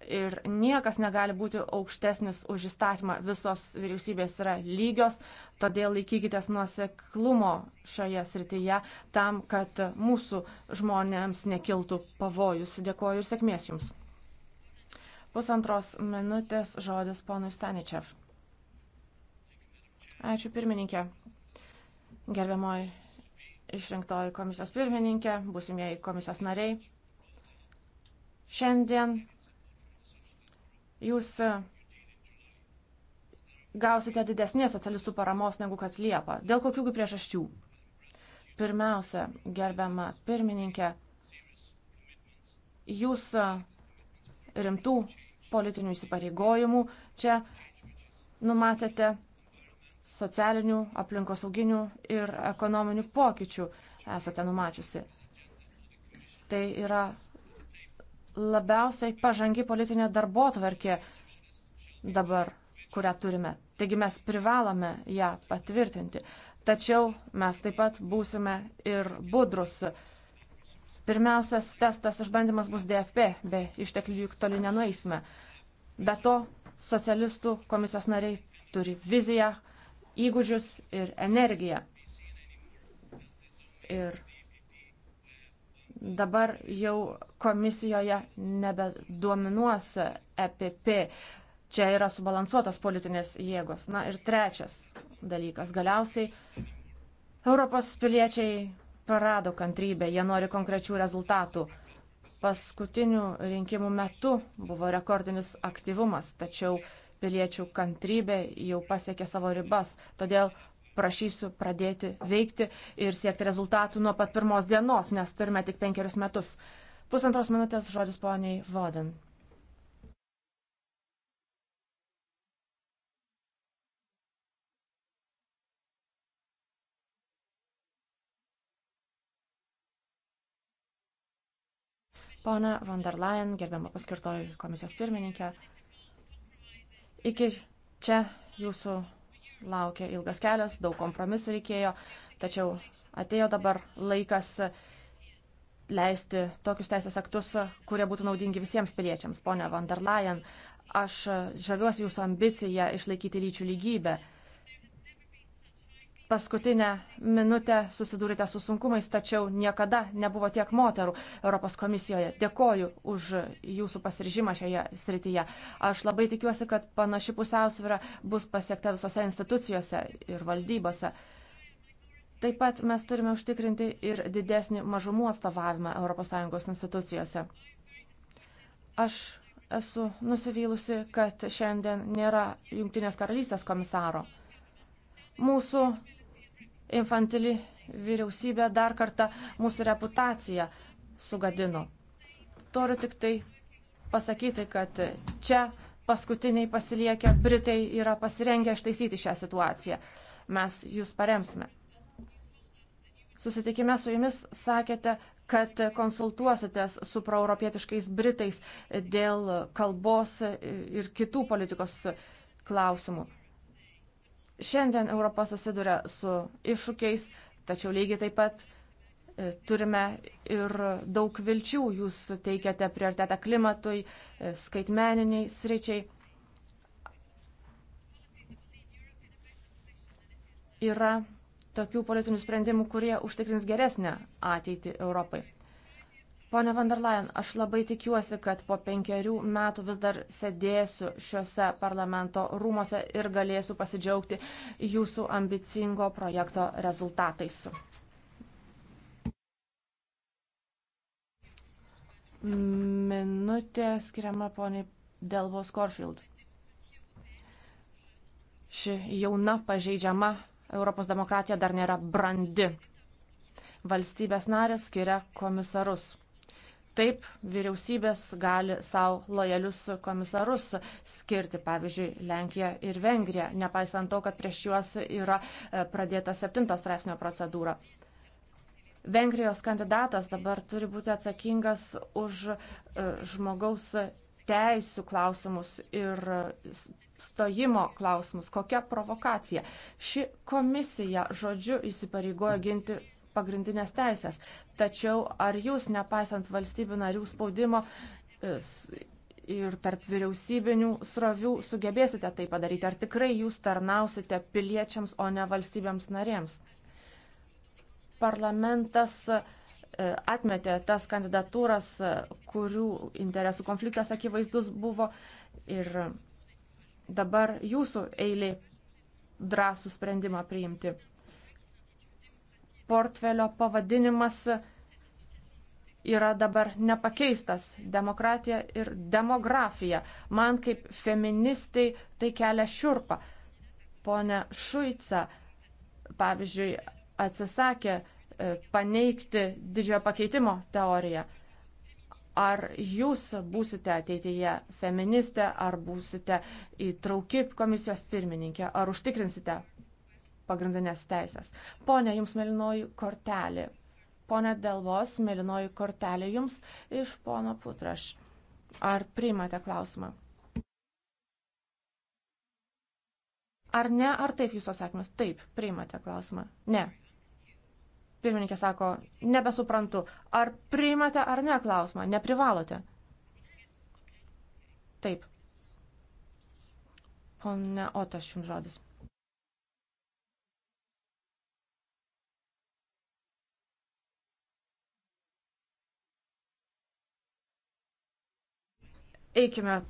Ir niekas negali būti aukštesnis už įstatymą. Visos vyriausybės yra lygios, todėl laikykitės nuoseklumo šioje srityje tam, kad mūsų žmonėms nekiltų pavojus. Dėkuoju ir sėkmės Jums. Pusantros minutės žodis ponui Staničev. Ačiū pirmininkė. Gerbiamoji išrinktoji komisijos pirmininkė, būsimieji komisijos nariai. Šiandien jūs gausite didesnės socialistų paramos negu kad Liepa. Dėl kokiųgi priežasčių? Pirmiausia, gerbiama pirmininkė, jūs rimtų politinių įsipareigojimų čia numatėte socialinių, aplinkosauginių ir ekonominių pokyčių esate numačiusi. Tai yra labiausiai pažangi politinė darbo tvarkė dabar, kurią turime. Taigi mes privalome ją patvirtinti. Tačiau mes taip pat būsime ir budrus. Pirmiausias testas išbandymas bus DFP, be išteklių juk toli nenueisime. Be to, socialistų komisijos nariai turi viziją, įgūdžius ir energiją. Ir dabar jau komisijoje nebedominuos EPP. Čia yra subalansuotos politinės jėgos. Na ir trečias dalykas. Galiausiai Europos piliečiai prarado kantrybę, jie nori konkrečių rezultatų. Paskutinių rinkimų metu buvo rekordinis aktyvumas, tačiau piliečių kantrybė jau pasiekė savo ribas. Todėl prašysiu pradėti veikti ir siekti rezultatų nuo pat pirmos dienos, nes turime tik penkerius metus. Pusantros minutės žodis poniai Voden. Pone von der Leyen, gerbiamą paskirtojų komisijos pirmininkę, Iki čia jūsų laukia ilgas kelias, daug kompromisų reikėjo, tačiau atėjo dabar laikas leisti tokius teisės aktus, kurie būtų naudingi visiems piliečiams. Pone van der Leyen, aš žaviuosi jūsų ambiciją išlaikyti lyčių lygybę paskutinę minutę susidūrėte su sunkumais, tačiau niekada nebuvo tiek moterų Europos komisijoje. Dėkoju už jūsų pasiržymą šioje srityje. Aš labai tikiuosi, kad panaši pusiausvyrą bus pasiekta visose institucijose ir valdybose. Taip pat mes turime užtikrinti ir didesnį mažumų atstovavimą ES institucijose. Aš esu nusivylusi, kad šiandien nėra Junktinės karalystės komisaro. Mūsų infantili vyriausybė dar kartą mūsų reputaciją sugadino. Toriu tik tai pasakyti, kad čia paskutiniai pasiliekę Britai yra pasirengę ištaisyti šią situaciją. Mes jūs paremsime. Susitikime su jumis sakėte, kad konsultuositės su proeuropietiškais Britais dėl kalbos ir kitų politikos klausimų. Šiandien Europa susiduria su iššūkiais, tačiau lygiai taip pat e, turime ir daug vilčių. Jūs teikiate prioritetą klimatui, e, skaitmeniniai sričiai. Yra tokių politinių sprendimų, kurie užtikrins geresnę ateitį Europai. Pone van der Leyen, aš labai tikiuosi, kad po penkerių metų vis dar sėdėsiu šiuose parlamento rūmose ir galėsiu pasidžiaugti jūsų ambicingo projekto rezultatais. Minutė skiriama poniai Delvo Scorfield. Ši jauna pažeidžiama Europos demokratija dar nėra brandi. Valstybės narės skiria komisarus Taip, vyriausybės gali savo lojalius komisarus skirti, pavyzdžiui, Lenkiją ir Vengriją, nepaisant to, kad prieš juos yra e, pradėta septintos straipsnio procedūra. Vengrijos kandidatas dabar turi būti atsakingas už e, žmogaus teisų klausimus ir e, stojimo klausimus. Kokia provokacija? Ši komisija, žodžiu, įsipareigojo ginti pagrindinės teisės. Tačiau ar jūs, nepaisant valstybių narių spaudimo e, ir tarp vyriausybinių srovių, sugebėsite tai padaryti? Ar tikrai jūs tarnausite piliečiams, o ne valstybėms narėms? Parlamentas e, atmetė tas kandidatūras, e, kurių interesų konfliktas akivaizdus buvo ir dabar jūsų eilė drąsų sprendimą priimti portfelio pavadinimas yra dabar nepakeistas - demokratija ir demografija. Man kaip feministai tai kelia šiurpą. Pone Šuica, pavyzdžiui, atsisakė e, paneigti didžiojo pakeitimo teoriją. Ar jūs būsite ateityje feministė, ar būsite įtrauki komisijos pirmininkė, ar užtikrinsite pagrindinės teisės. Pone, jums melinoji kortelė. Pone Delvos, melinoji kortelė jums iš pono Putraš. Ar priimate klausimą? Ar ne, ar taip jūsų atsakymas? Taip, priimate klausimą. Ne. Pirmininkė sako, nebesuprantu, ar priimate ar ne klausimą, neprivalote. Taip. Pone Otas, jums žodis. Eikime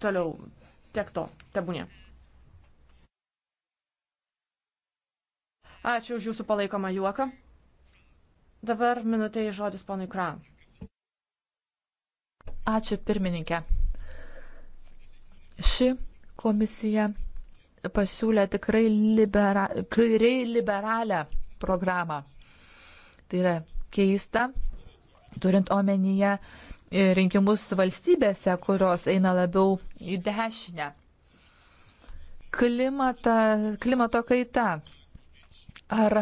toliau. Tiek to, tebūnė. Ačiū už jūsų palaikomą juoką. Dabar minutė į žodis ponui Kra. Ačiū pirmininkė. Ši komisija pasiūlė tikrai libera, kairiai liberalią programą. Tai yra keista, turint omenyje rinkimus valstybėse, kurios eina labiau į dešinę. Klimata, klimato kaita. Ar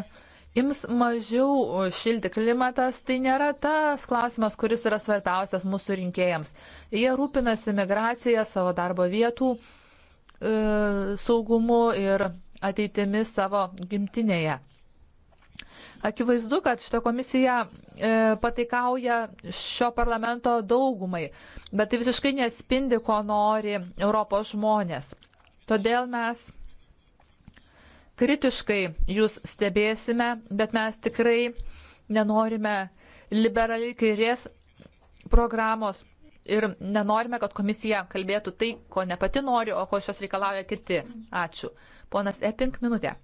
ims mažiau šilti klimatas, tai nėra tas klausimas, kuris yra svarbiausias mūsų rinkėjams. Jie rūpinasi migracija, savo darbo vietų e, saugumu ir ateitimi savo gimtinėje. Akivaizdu, kad šita komisija e, pataikauja šio parlamento daugumai, bet tai visiškai nespindi, ko nori Europos žmonės. Todėl mes kritiškai jūs stebėsime, bet mes tikrai nenorime liberaliai kairės programos ir nenorime, kad komisija kalbėtų tai, ko ne pati nori, o ko šios reikalauja kiti. Ačiū. Ponas Epink, minutė.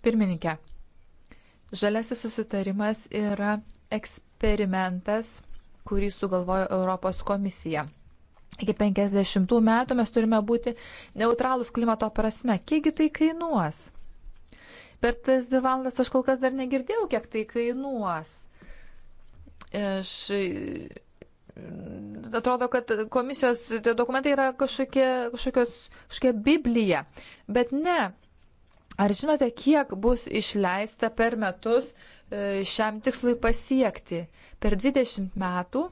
Pirmininkė, žaliasis susitarimas yra eksperimentas, kurį sugalvojo Europos komisija. Iki 50 metų mes turime būti neutralūs klimato prasme. Kiekgi tai kainuos? Per tas dvi valandas aš kol kas dar negirdėjau, kiek tai kainuos. Aš atrodo, kad komisijos dokumentai yra kažkokie, kažkokios, kažkokia Biblija. Bet ne, Ar žinote, kiek bus išleista per metus e, šiam tikslui pasiekti? Per 20 metų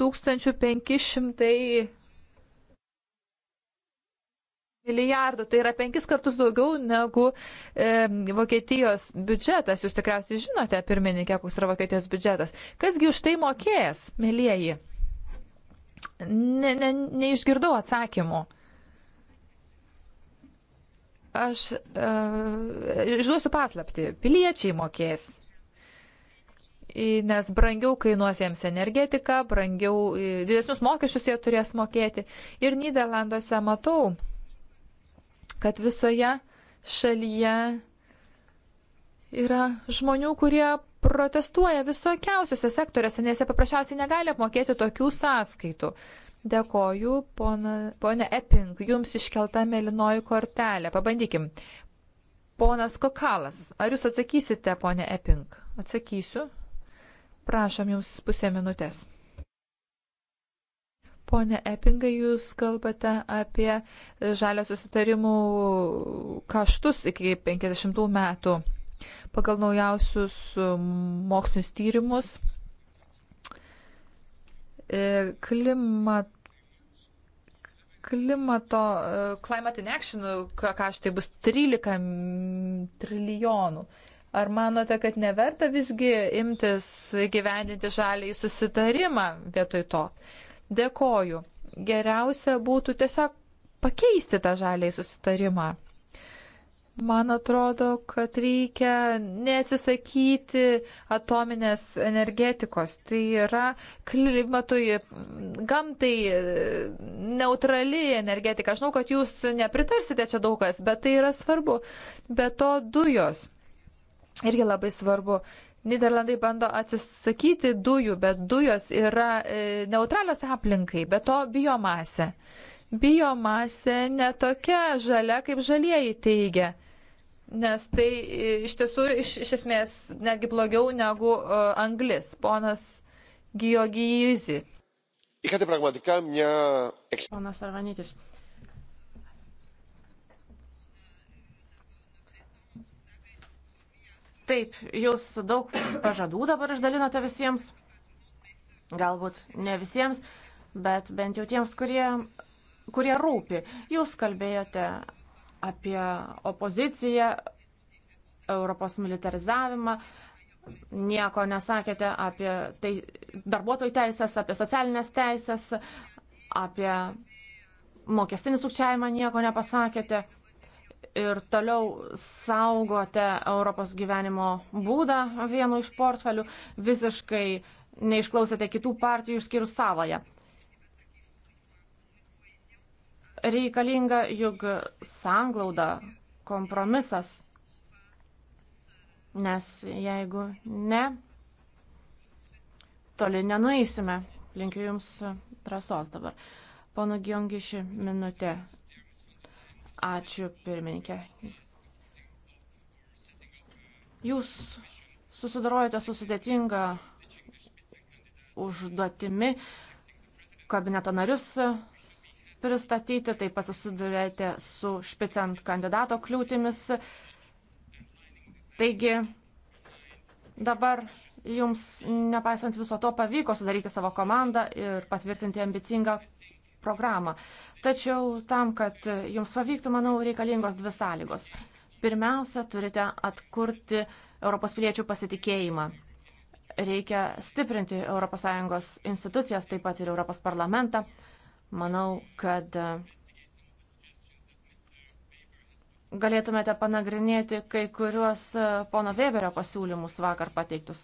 11 500 milijardų. Tai yra penkis kartus daugiau negu e, Vokietijos biudžetas. Jūs tikriausiai žinote, pirmininkė, koks yra Vokietijos biudžetas. Kasgi už tai mokės, mėlyjeji? ne, ne, neišgirdau atsakymų. Aš e, išduosiu paslapti, piliečiai mokės. Nes brangiau kainuos jiems energetika, brangiau, didesnius mokesčius jie turės mokėti. Ir Niderlanduose matau, kad visoje šalyje yra žmonių, kurie protestuoja visokiausiose sektoriuose, nes jie paprasčiausiai negali apmokėti tokių sąskaitų. Dėkoju, ponė Epping, jums iškelta melinoji kortelė. Pabandykim. Ponas Kokalas, ar jūs atsakysite, ponė Epping? Atsakysiu. Prašom jums pusę minutės. Pone Epingai, jūs kalbate apie žalio susitarimų kaštus iki 50 metų. Pagal naujausius e, mokslinius tyrimus e, klimat, klimato, e, climate in action, ką aš tai bus 13 trilijonų. Ar manote, kad neverta visgi imtis gyvendinti žalį į susitarimą vietoj to? Dėkoju. Geriausia būtų tiesiog pakeisti tą žalį į susitarimą. Man atrodo, kad reikia neatsisakyti atominės energetikos. Tai yra klimatui, gamtai e, neutrali energetika. Aš žinau, kad jūs nepritarsite čia daug kas, bet tai yra svarbu. Be to dujos. Irgi labai svarbu. Niderlandai bando atsisakyti dujų, bet dujos yra e, neutralios aplinkai, be to biomasė. Biomasė netokia žalia, kaip žalieji teigia nes tai e, iš tiesų iš, iš esmės netgi blogiau negu uh, anglis, ponas Giogijyzi. Είχατε πραγματικά μια Ponas Arvanitis. Taip, jūs daug pažadų dabar išdalinote visiems, galbūt ne visiems, bet bent jau tiems, kurie, kurie rūpi. Jūs kalbėjote apie opoziciją, Europos militarizavimą, nieko nesakėte apie tai, darbuotojų teisės, apie socialinės teisės, apie mokestinį sukčiavimą nieko nepasakėte ir toliau saugote Europos gyvenimo būdą vienu iš portfelių, visiškai neišklausėte kitų partijų išskyrus savoje. reikalinga juk sanglauda, kompromisas. Nes jeigu ne, toli nenueisime. Linkiu Jums drąsos dabar. Pono Giongiši, minutė. Ačiū, pirmininkė. Jūs susidarojate su sudėtinga užduotimi kabineto narius pristatyti, taip pat susidurėte su špicent kandidato kliūtimis. Taigi dabar jums, nepaisant viso to, pavyko sudaryti savo komandą ir patvirtinti ambicingą programą. Tačiau tam, kad jums pavyktų, manau, reikalingos dvi sąlygos. Pirmiausia, turite atkurti Europos piliečių pasitikėjimą. Reikia stiprinti ES institucijas, taip pat ir Europos parlamentą. Manau, kad e, galėtumėte panagrinėti kai kuriuos e, pono Weberio pasiūlymus vakar pateiktus.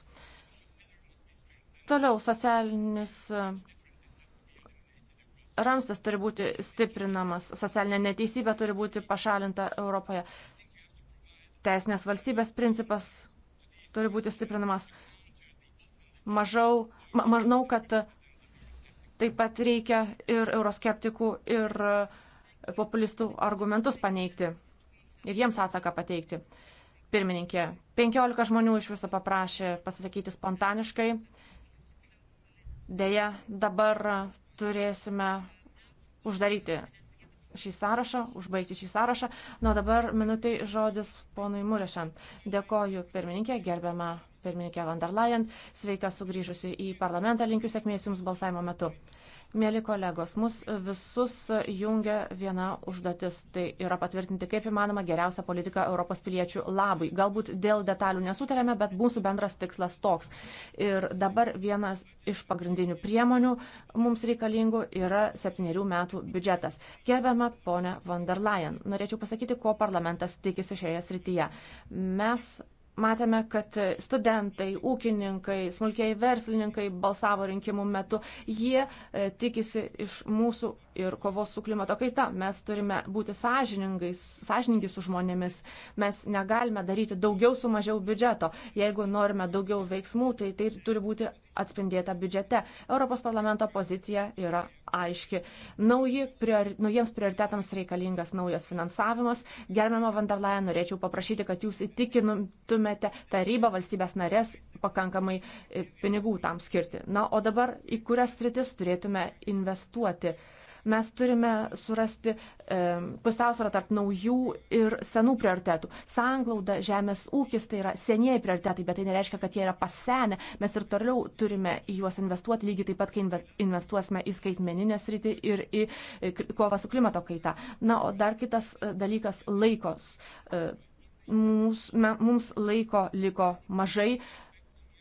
Toliau socialinis e, ramstas turi būti stiprinamas, socialinė neteisybė turi būti pašalinta Europoje, teisinės valstybės principas turi būti stiprinamas. Mažau, ma, manau, kad Taip pat reikia ir euroskeptikų, ir e, populistų argumentus paneigti ir jiems atsaką pateikti. Pirmininkė, 15 žmonių iš viso paprašė pasisakyti spontaniškai. Deja, dabar turėsime uždaryti šį sąrašą, užbaigti šį sąrašą. Nuo dabar minutai žodis ponui Murešan. Dėkoju pirmininkė, gerbiamą pirmininkė van der Leyen. Sveika sugrįžusi į parlamentą, linkiu sėkmės Jums balsavimo metu. Mėly kolegos, mus visus jungia viena užduotis - tai yra patvirtinti kaip įmanoma geriausią politiką Europos piliečių labui. Galbūt dėl detalių nesutarėme, bet mūsų bendras tikslas toks. Ir dabar vienas iš pagrindinių priemonių mums reikalingų yra septyniarių metų biudžetas. Gerbiama ponė von der Leyen, norėčiau pasakyti, ko parlamentas tikisi šioje srityje. Mes matėme, kad studentai, ūkininkai, smulkiai verslininkai balsavo rinkimų metu. Jie e, tikisi iš mūsų ir kovos su klimato kaita. Mes turime būti sąžiningi su žmonėmis. Mes negalime daryti daugiau su mažiau biudžeto. Jeigu norime daugiau veiksmų, tai tai turi būti atspindėta biudžete. Europos parlamento pozicija yra aiški. Nauji priori, naujiems prioritetams reikalingas naujas finansavimas. Gerbiamą van der Leyen norėčiau paprašyti, kad jūs įtikintumėte tarybą valstybės narės pakankamai e, pinigų tam skirti. Na, o dabar į kurias sritis turėtume investuoti. Uh, Mes turime surasti e, pusiausvyrą tarp naujų ir senų prioritetų. Sanglauda, žemės ūkis tai yra senieji prioritetai, bet tai nereiškia, kad jie yra pasenę. Mes ir toliau turime į juos investuoti, lygiai taip pat, kai investuosime į skaitmeninę sritį ir į e, kovą su klimato kaita. Na, o dar kitas e, dalykas - laikos. E, mums, me, mums laiko liko mažai.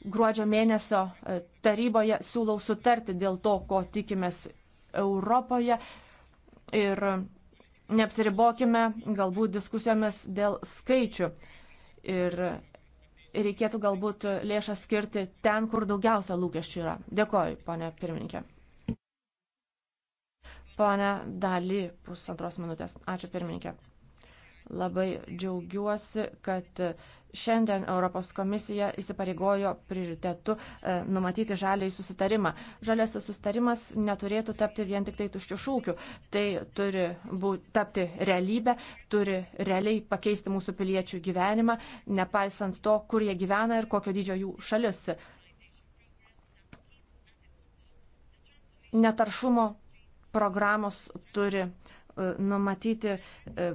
Gruodžio mėnesio e, taryboje siūlau sutarti dėl to, ko tikimės Europoje ir neapsiribokime galbūt diskusijomis dėl skaičių. Ir reikėtų galbūt lėšą skirti ten, kur daugiausia lūkesčių yra. Dėkoju, ponė pirmininkė. Pone Dali, pusantros minutės. Ačiū pirmininkė. Labai džiaugiuosi, kad Šiandien Europos komisija įsipareigojo prioritetu e, numatyti žaliai susitarimą. Žaliasis susitarimas neturėtų tapti vien tik tai tuščių šūkių. Tai turi būt, tapti realybę, turi realiai pakeisti mūsų piliečių gyvenimą, nepaisant to, kur jie gyvena ir kokio dydžio jų šalis. Netaršumo programos turi uh, E, numatyti e,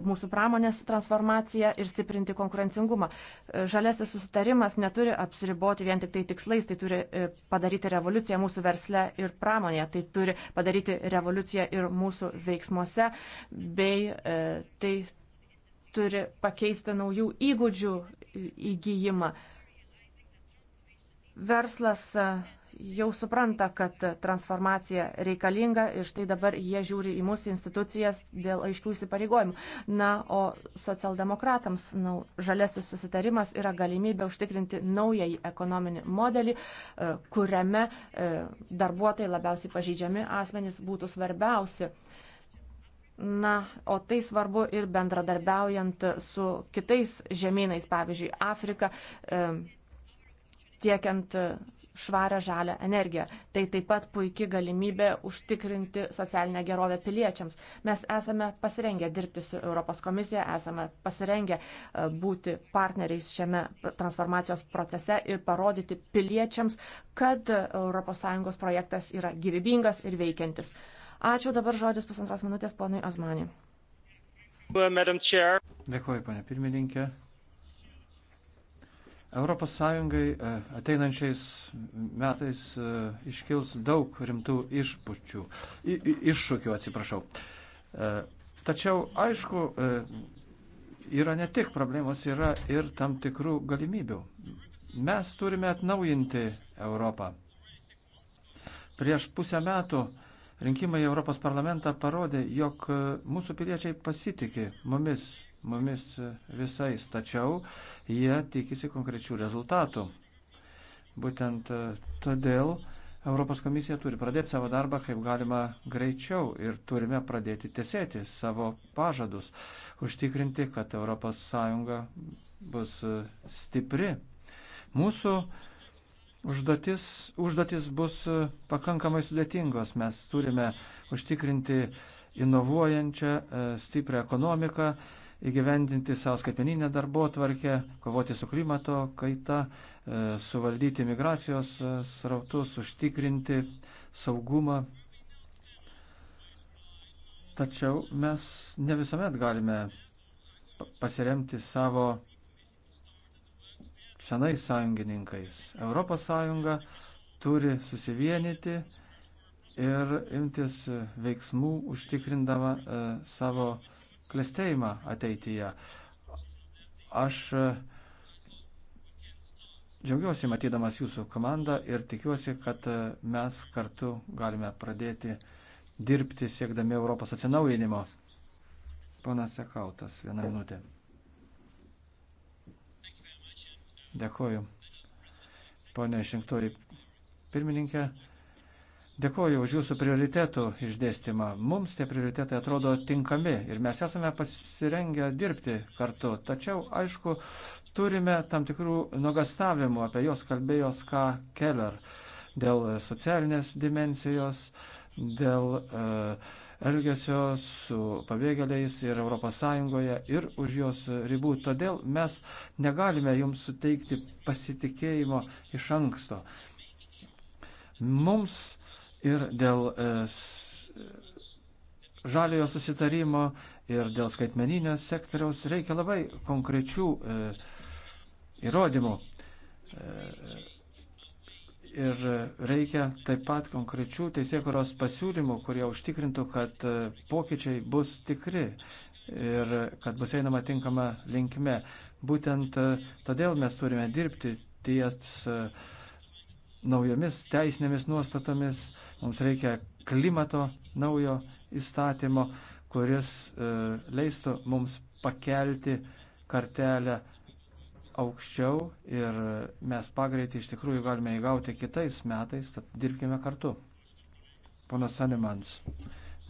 mūsų pramonės transformaciją ir stiprinti konkurencingumą. E, Žalėsis susitarimas neturi apsiriboti vien tik tai tikslais, tai turi padaryti revoliuciją mūsų versle ir pramonėje, tai turi padaryti revoliuciją ir mūsų veiksmuose, bei tai turi pakeisti naujų įgūdžių įgyjimą. Verslas jau supranta, kad transformacija reikalinga ir štai dabar jie žiūri į mūsų institucijas dėl aiškių įsipareigojimų. Na, o socialdemokratams na, žalesis susitarimas yra galimybė užtikrinti naująjį ekonominį modelį, e, kuriame e, darbuotojai labiausiai pažydžiami asmenys būtų svarbiausi. Na, o tai svarbu ir bendradarbiaujant su kitais žemynais, pavyzdžiui, Afrika, e, tiekiant švarę žalę energiją. Tai taip pat puikia galimybė užtikrinti socialinę gerovę piliečiams. Mes esame pasirengę dirbti su Europos komisija, esame pasirengę e, būti partneriais šiame transformacijos procese ir parodyti piliečiams, kad ES projektas yra gyvybingas ir veikiantis. Ačiū dabar žodis pusantros minutės ponui Azmanį. Dėkuoju, panė pirmininkė. ES e, ateinančiais metais e, iškils daug rimtų išpučių, iššūkių, atsiprašau. E, tačiau, aišku, yra ne tik problemos, yra ir tam tikrų galimybių. Mes turime atnaujinti Europą. Prieš pusę metų rinkimai į Europos parlamentą parodė, jog mūsų piliečiai pasitikė mumis mumis visais, tačiau jie tikisi konkrečių rezultatų. Būtent e, todėl Europos komisija turi pradėti savo darbą kaip galima greičiau ir turime pradėti tiesėti savo pažadus, užtikrinti, kad ES bus e, stipri. Mūsų užduotis, užduotis bus e, pakankamai sudėtingos. Mes turime užtikrinti inovuojančią, stiprią ekonomiką, įgyvendinti savo skaitmeninę darbo tvarkę, kovoti su klimato kaita, e, suvaldyti migracijos e, srautus, užtikrinti saugumą. Tačiau mes ne visuomet galime pasiremti savo senais sąjungininkais. Europos Sąjunga turi susivienyti ir imtis veiksmų užtikrindama e, savo klestėjimą ateityje. Aš e, džiaugiuosi matydamas jūsų komandą ir tikiuosi, kad e, mes kartu galime pradėti dirbti siekdami Europos atsinaujinimo. Ponas Sekautas, vieną minutę. Dėkuoju. Pone išrinktoji pirmininkė. Dėkuoju už jūsų prioritetų išdėstymą. Mums tie prioritetai atrodo tinkami ir mes esame pasirengę dirbti kartu. Tačiau, aišku, turime tam tikrų nuogastavimų, apie juos kalbėjo Ska Keller, dėl socialinės dimensijos, dėl e, elgesio su pabėgėliais ir ES ir už jos ribų. Todėl mes negalime jums suteikti pasitikėjimo iš anksto. Mums ir dėl e, žaliojo susitarimo, ir dėl skaitmeninio sektoriaus reikia labai konkrečių e, įrodymų. E, ir reikia taip pat konkrečių teisėkuros pasiūlymų, kurie užtikrintų, kad pokyčiai bus tikri ir kad bus einama tinkama linkme. Būtent todėl mes turime dirbti ties uh, naujomis teisinėmis nuostatomis, mums reikia klimato naujo įstatymo, kuris e, leistų mums pakelti kartelę aukščiau ir mes pagreitį iš tikrųjų galime įgauti kitais metais, tad dirbkime kartu. Ponas Sanimans,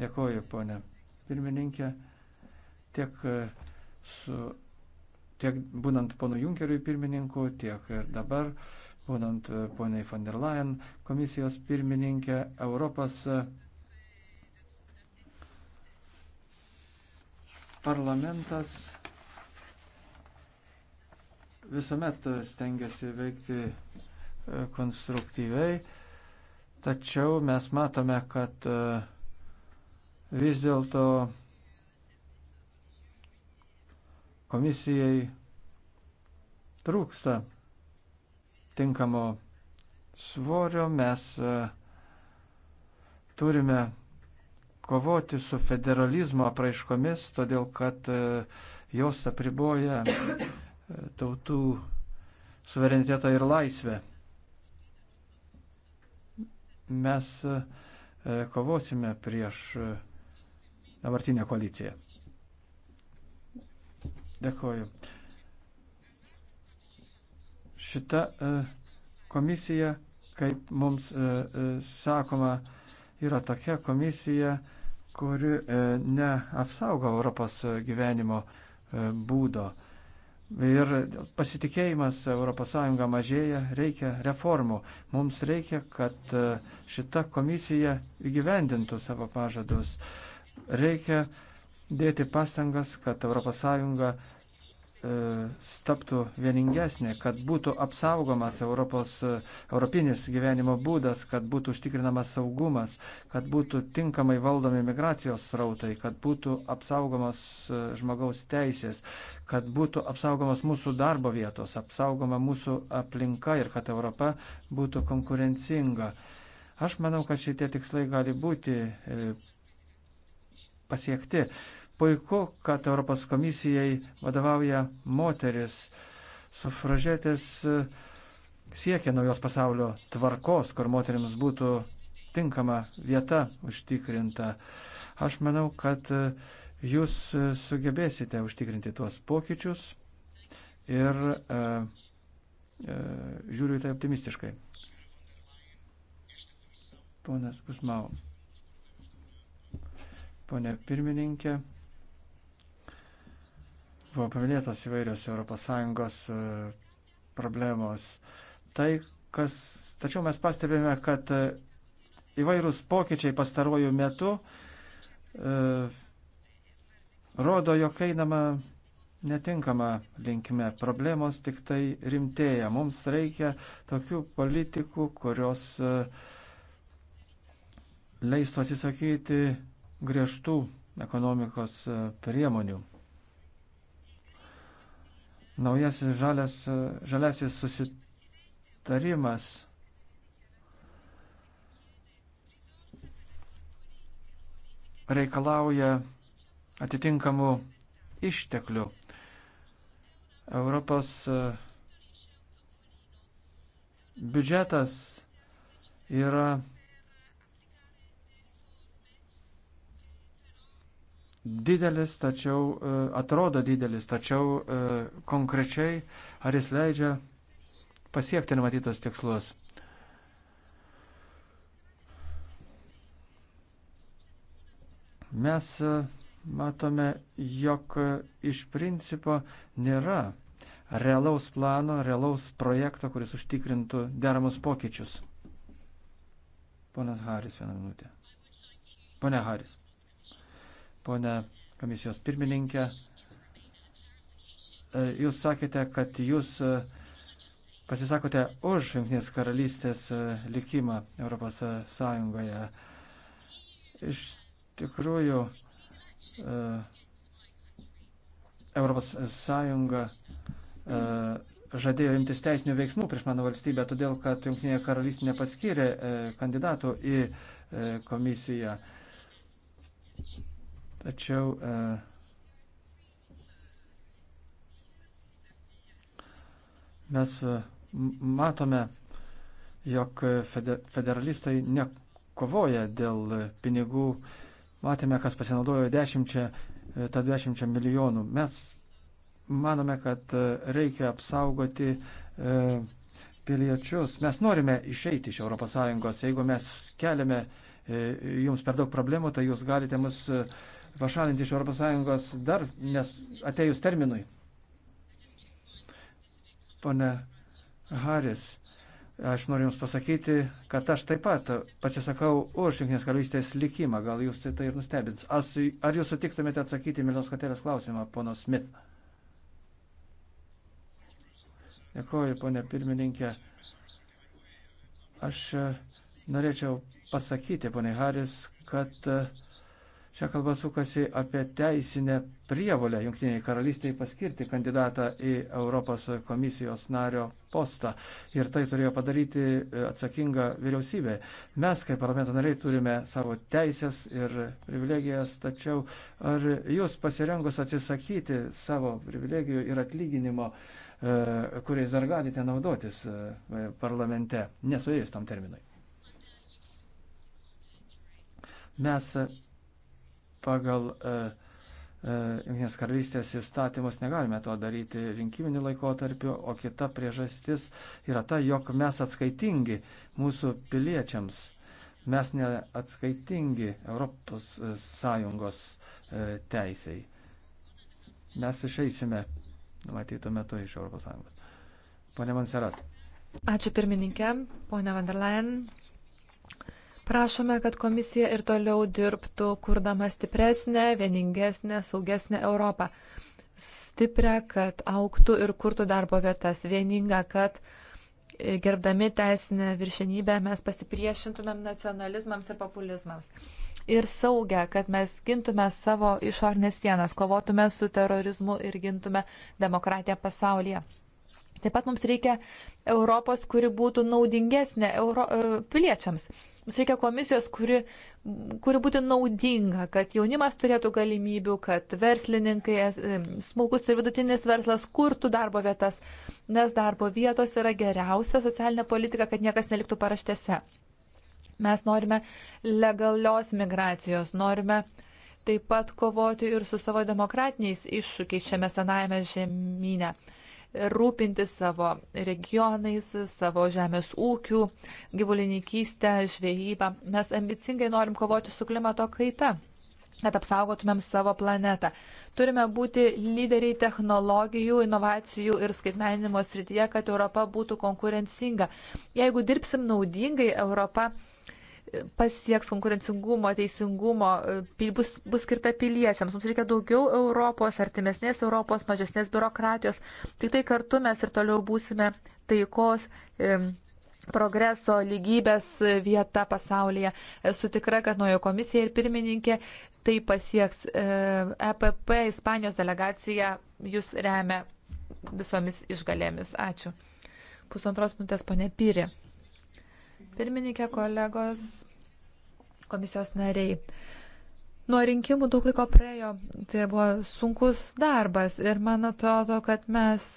dėkoju, ponė pirmininkė, tiek, e, su, tiek būnant ponu Junkeriui pirmininku, tiek ir dabar. E, būnant e, poniai von der Leyen komisijos pirmininkė Europos e, parlamentas visuomet stengiasi veikti e, konstruktyviai, tačiau mes matome, kad vis dėlto komisijai trūksta tinkamo svorio, mes e, turime kovoti su federalizmo apraiškomis, todėl kad e, jos apriboja e, tautų suverenitetą ir laisvę. Mes kovosime prieš dabartinę koaliciją. Dėkoju. Šita e, komisija, kaip mums e, e, sakoma, yra tokia komisija, kuri neapsaugo Europos gyvenimo būdo. Ir pasitikėjimas ES mažėja, reikia reformų. Mums reikia, kad šita komisija įgyvendintų savo pažadus. Reikia dėti pastangas, kad ES E, taptų vieningesnė, kad būtų apsaugomas Europos, e, europinis gyvenimo būdas, kad būtų užtikrinamas saugumas, kad būtų tinkamai valdomi migracijos srautai, kad būtų apsaugomas e, žmogaus teisės, kad būtų apsaugomas mūsų darbo vietos, apsaugoma mūsų aplinka ir kad Europa būtų konkurencinga. Aš manau, kad šitie tikslai gali būti pasiekti. Puiku, kad Europos komisijai vadovauja moteris. Sufražėtės e, siekia naujos pasaulio tvarkos, kur moteriams būtų tinkama vieta užtikrinta. Aš manau, kad e, jūs e, sugebėsite užtikrinti tuos pokyčius ir e, e, žiūriu į tai optimistiškai. Ponas Kusmau. Pone pirmininkė, Buvo paminėtos įvairios ES e, problemos. Tai, kas, tačiau mes pastebėjome, kad e, įvairūs pokyčiai pastaruoju metu e, rodo, jog einama netinkama linkme. Problemos tik tai rimtėja. Mums reikia tokių politikų, kurios e, leistų atsisakyti griežtų ekonomikos priemonių. Naujasis žalės, žalėsis susitarimas reikalauja atitinkamų išteklių. Europos e, biudžetas yra didelis, tačiau e, atrodo didelis, tačiau e, konkrečiai ar jis leidžia pasiekti numatytos tikslus. Mes e, matome, jog iš principo nėra realaus plano, realaus projekto, kuris užtikrintų deramus pokyčius. Ponas Haris, vieną minutę. Pone Haris ponė komisijos pirmininkė. E, jūs sakėte, kad jūs e, pasisakote už Junktinės karalystės e, likimą Europos Sąjungoje. Iš tikrųjų, Europos Sąjunga žadėjo imtis teisinių veiksmų prieš mano valstybę, todėl kad Junktinėje karalystė nepaskyrė kandidatų į komisiją. Tačiau e, mes e, matome, jog federalistai nekovoja dėl pinigų. Matėme, kas pasinaudojo 10, e, tą 10 milijonų. Mes manome, kad e, reikia apsaugoti e, piliečius. Mes norime išeiti iš ES. Jeigu mes keliame e, jums per daug problemų, tai jūs galite mus pašalinti iš ES dar nes atejus terminui. Pone Haris, aš noriu Jums pasakyti, kad aš taip pat pasisakau už Junktinės karalystės likimą, gal Jūs tai, tai ir nustebins. As, ar Jūs sutiktumėte atsakyti Milios Kotelės klausimą, pono Smith? Dėkuoju, ponė pirmininkė. Aš norėčiau pasakyti, ponė Haris, kad uh, Šią kalbą sukasi apie teisinę prievolę Junktiniai karalystiai paskirti kandidatą į Europos komisijos nario postą. Ir tai turėjo padaryti e, atsakinga vyriausybė. Mes, kaip parlamento nariai, turime savo teisės ir privilegijas, tačiau ar jūs pasirengus atsisakyti savo privilegijų ir atlyginimo, e, kuriais dar galite naudotis e, parlamente, nesuėjus tam terminui? Mes pagal e, e, Junktinės karalystės įstatymus negalime to daryti rinkiminiu laikotarpiu, o kita priežastis yra ta, jog mes atskaitingi mūsų piliečiams. Mes neatskaitingi Europos Sąjungos e, teisiai. Mes išeisime, matytų metu, iš Europos Sąjungos. Pone Monserat. Ačiū pirmininkė, ponia Vanderlein, Prašome, kad komisija ir toliau dirbtų, kurdama stipresnę, vieningesnę, saugesnę Europą. Stiprią, kad auktų ir kurtų darbo vietas. Vieningą, kad e, gerbdami teisinę viršenybę mes pasipriešintumėm nacionalizmams ir populizmams. Ir saugę, kad mes gintume savo išornės sienas, kovotume su terorizmu ir gintume demokratiją pasaulyje. Taip pat mums reikia Europos, kuri būtų naudingesnė Euro, e, piliečiams. Mums reikia komisijos, kuri, kuri būtų naudinga, kad jaunimas turėtų galimybių, kad verslininkai, e, smulkus ir vidutinis verslas kurtų darbo vietas, nes darbo vietos yra geriausia socialinė politika, kad niekas neliktų paraštėse. Mes norime legalios migracijos, norime taip pat kovoti ir su savo demokratiniais iššūkiais šiame senajame žemynė rūpinti savo regionais, savo žemės ūkių, gyvulininkystę, žvejybą. Mes ambicingai norim kovoti su klimato kaita kad apsaugotumėm savo planetą. Turime būti lyderiai technologijų, inovacijų ir skaitmeninimo srityje, kad Europa būtų konkurencinga. Jeigu dirbsim naudingai, Europa pasieks konkurencingumo, teisingumo, e, bus, bus skirta piliečiams. Mums reikia daugiau Europos, artimesnės Europos, mažesnės biurokratijos. Tik tai kartu mes ir toliau būsime taikos. E, progreso lygybės vieta pasaulyje. Esu tikra, kad naujo komisija ir pirmininkė tai pasieks. EPP e Ispanijos delegacija jūs remia visomis išgalėmis. Ačiū. Pusantros minutės, ponė Pyri. Pirmininkė, kolegos, komisijos nariai. Nuo rinkimų daug laiko praėjo, tai buvo sunkus darbas ir man atrodo, kad mes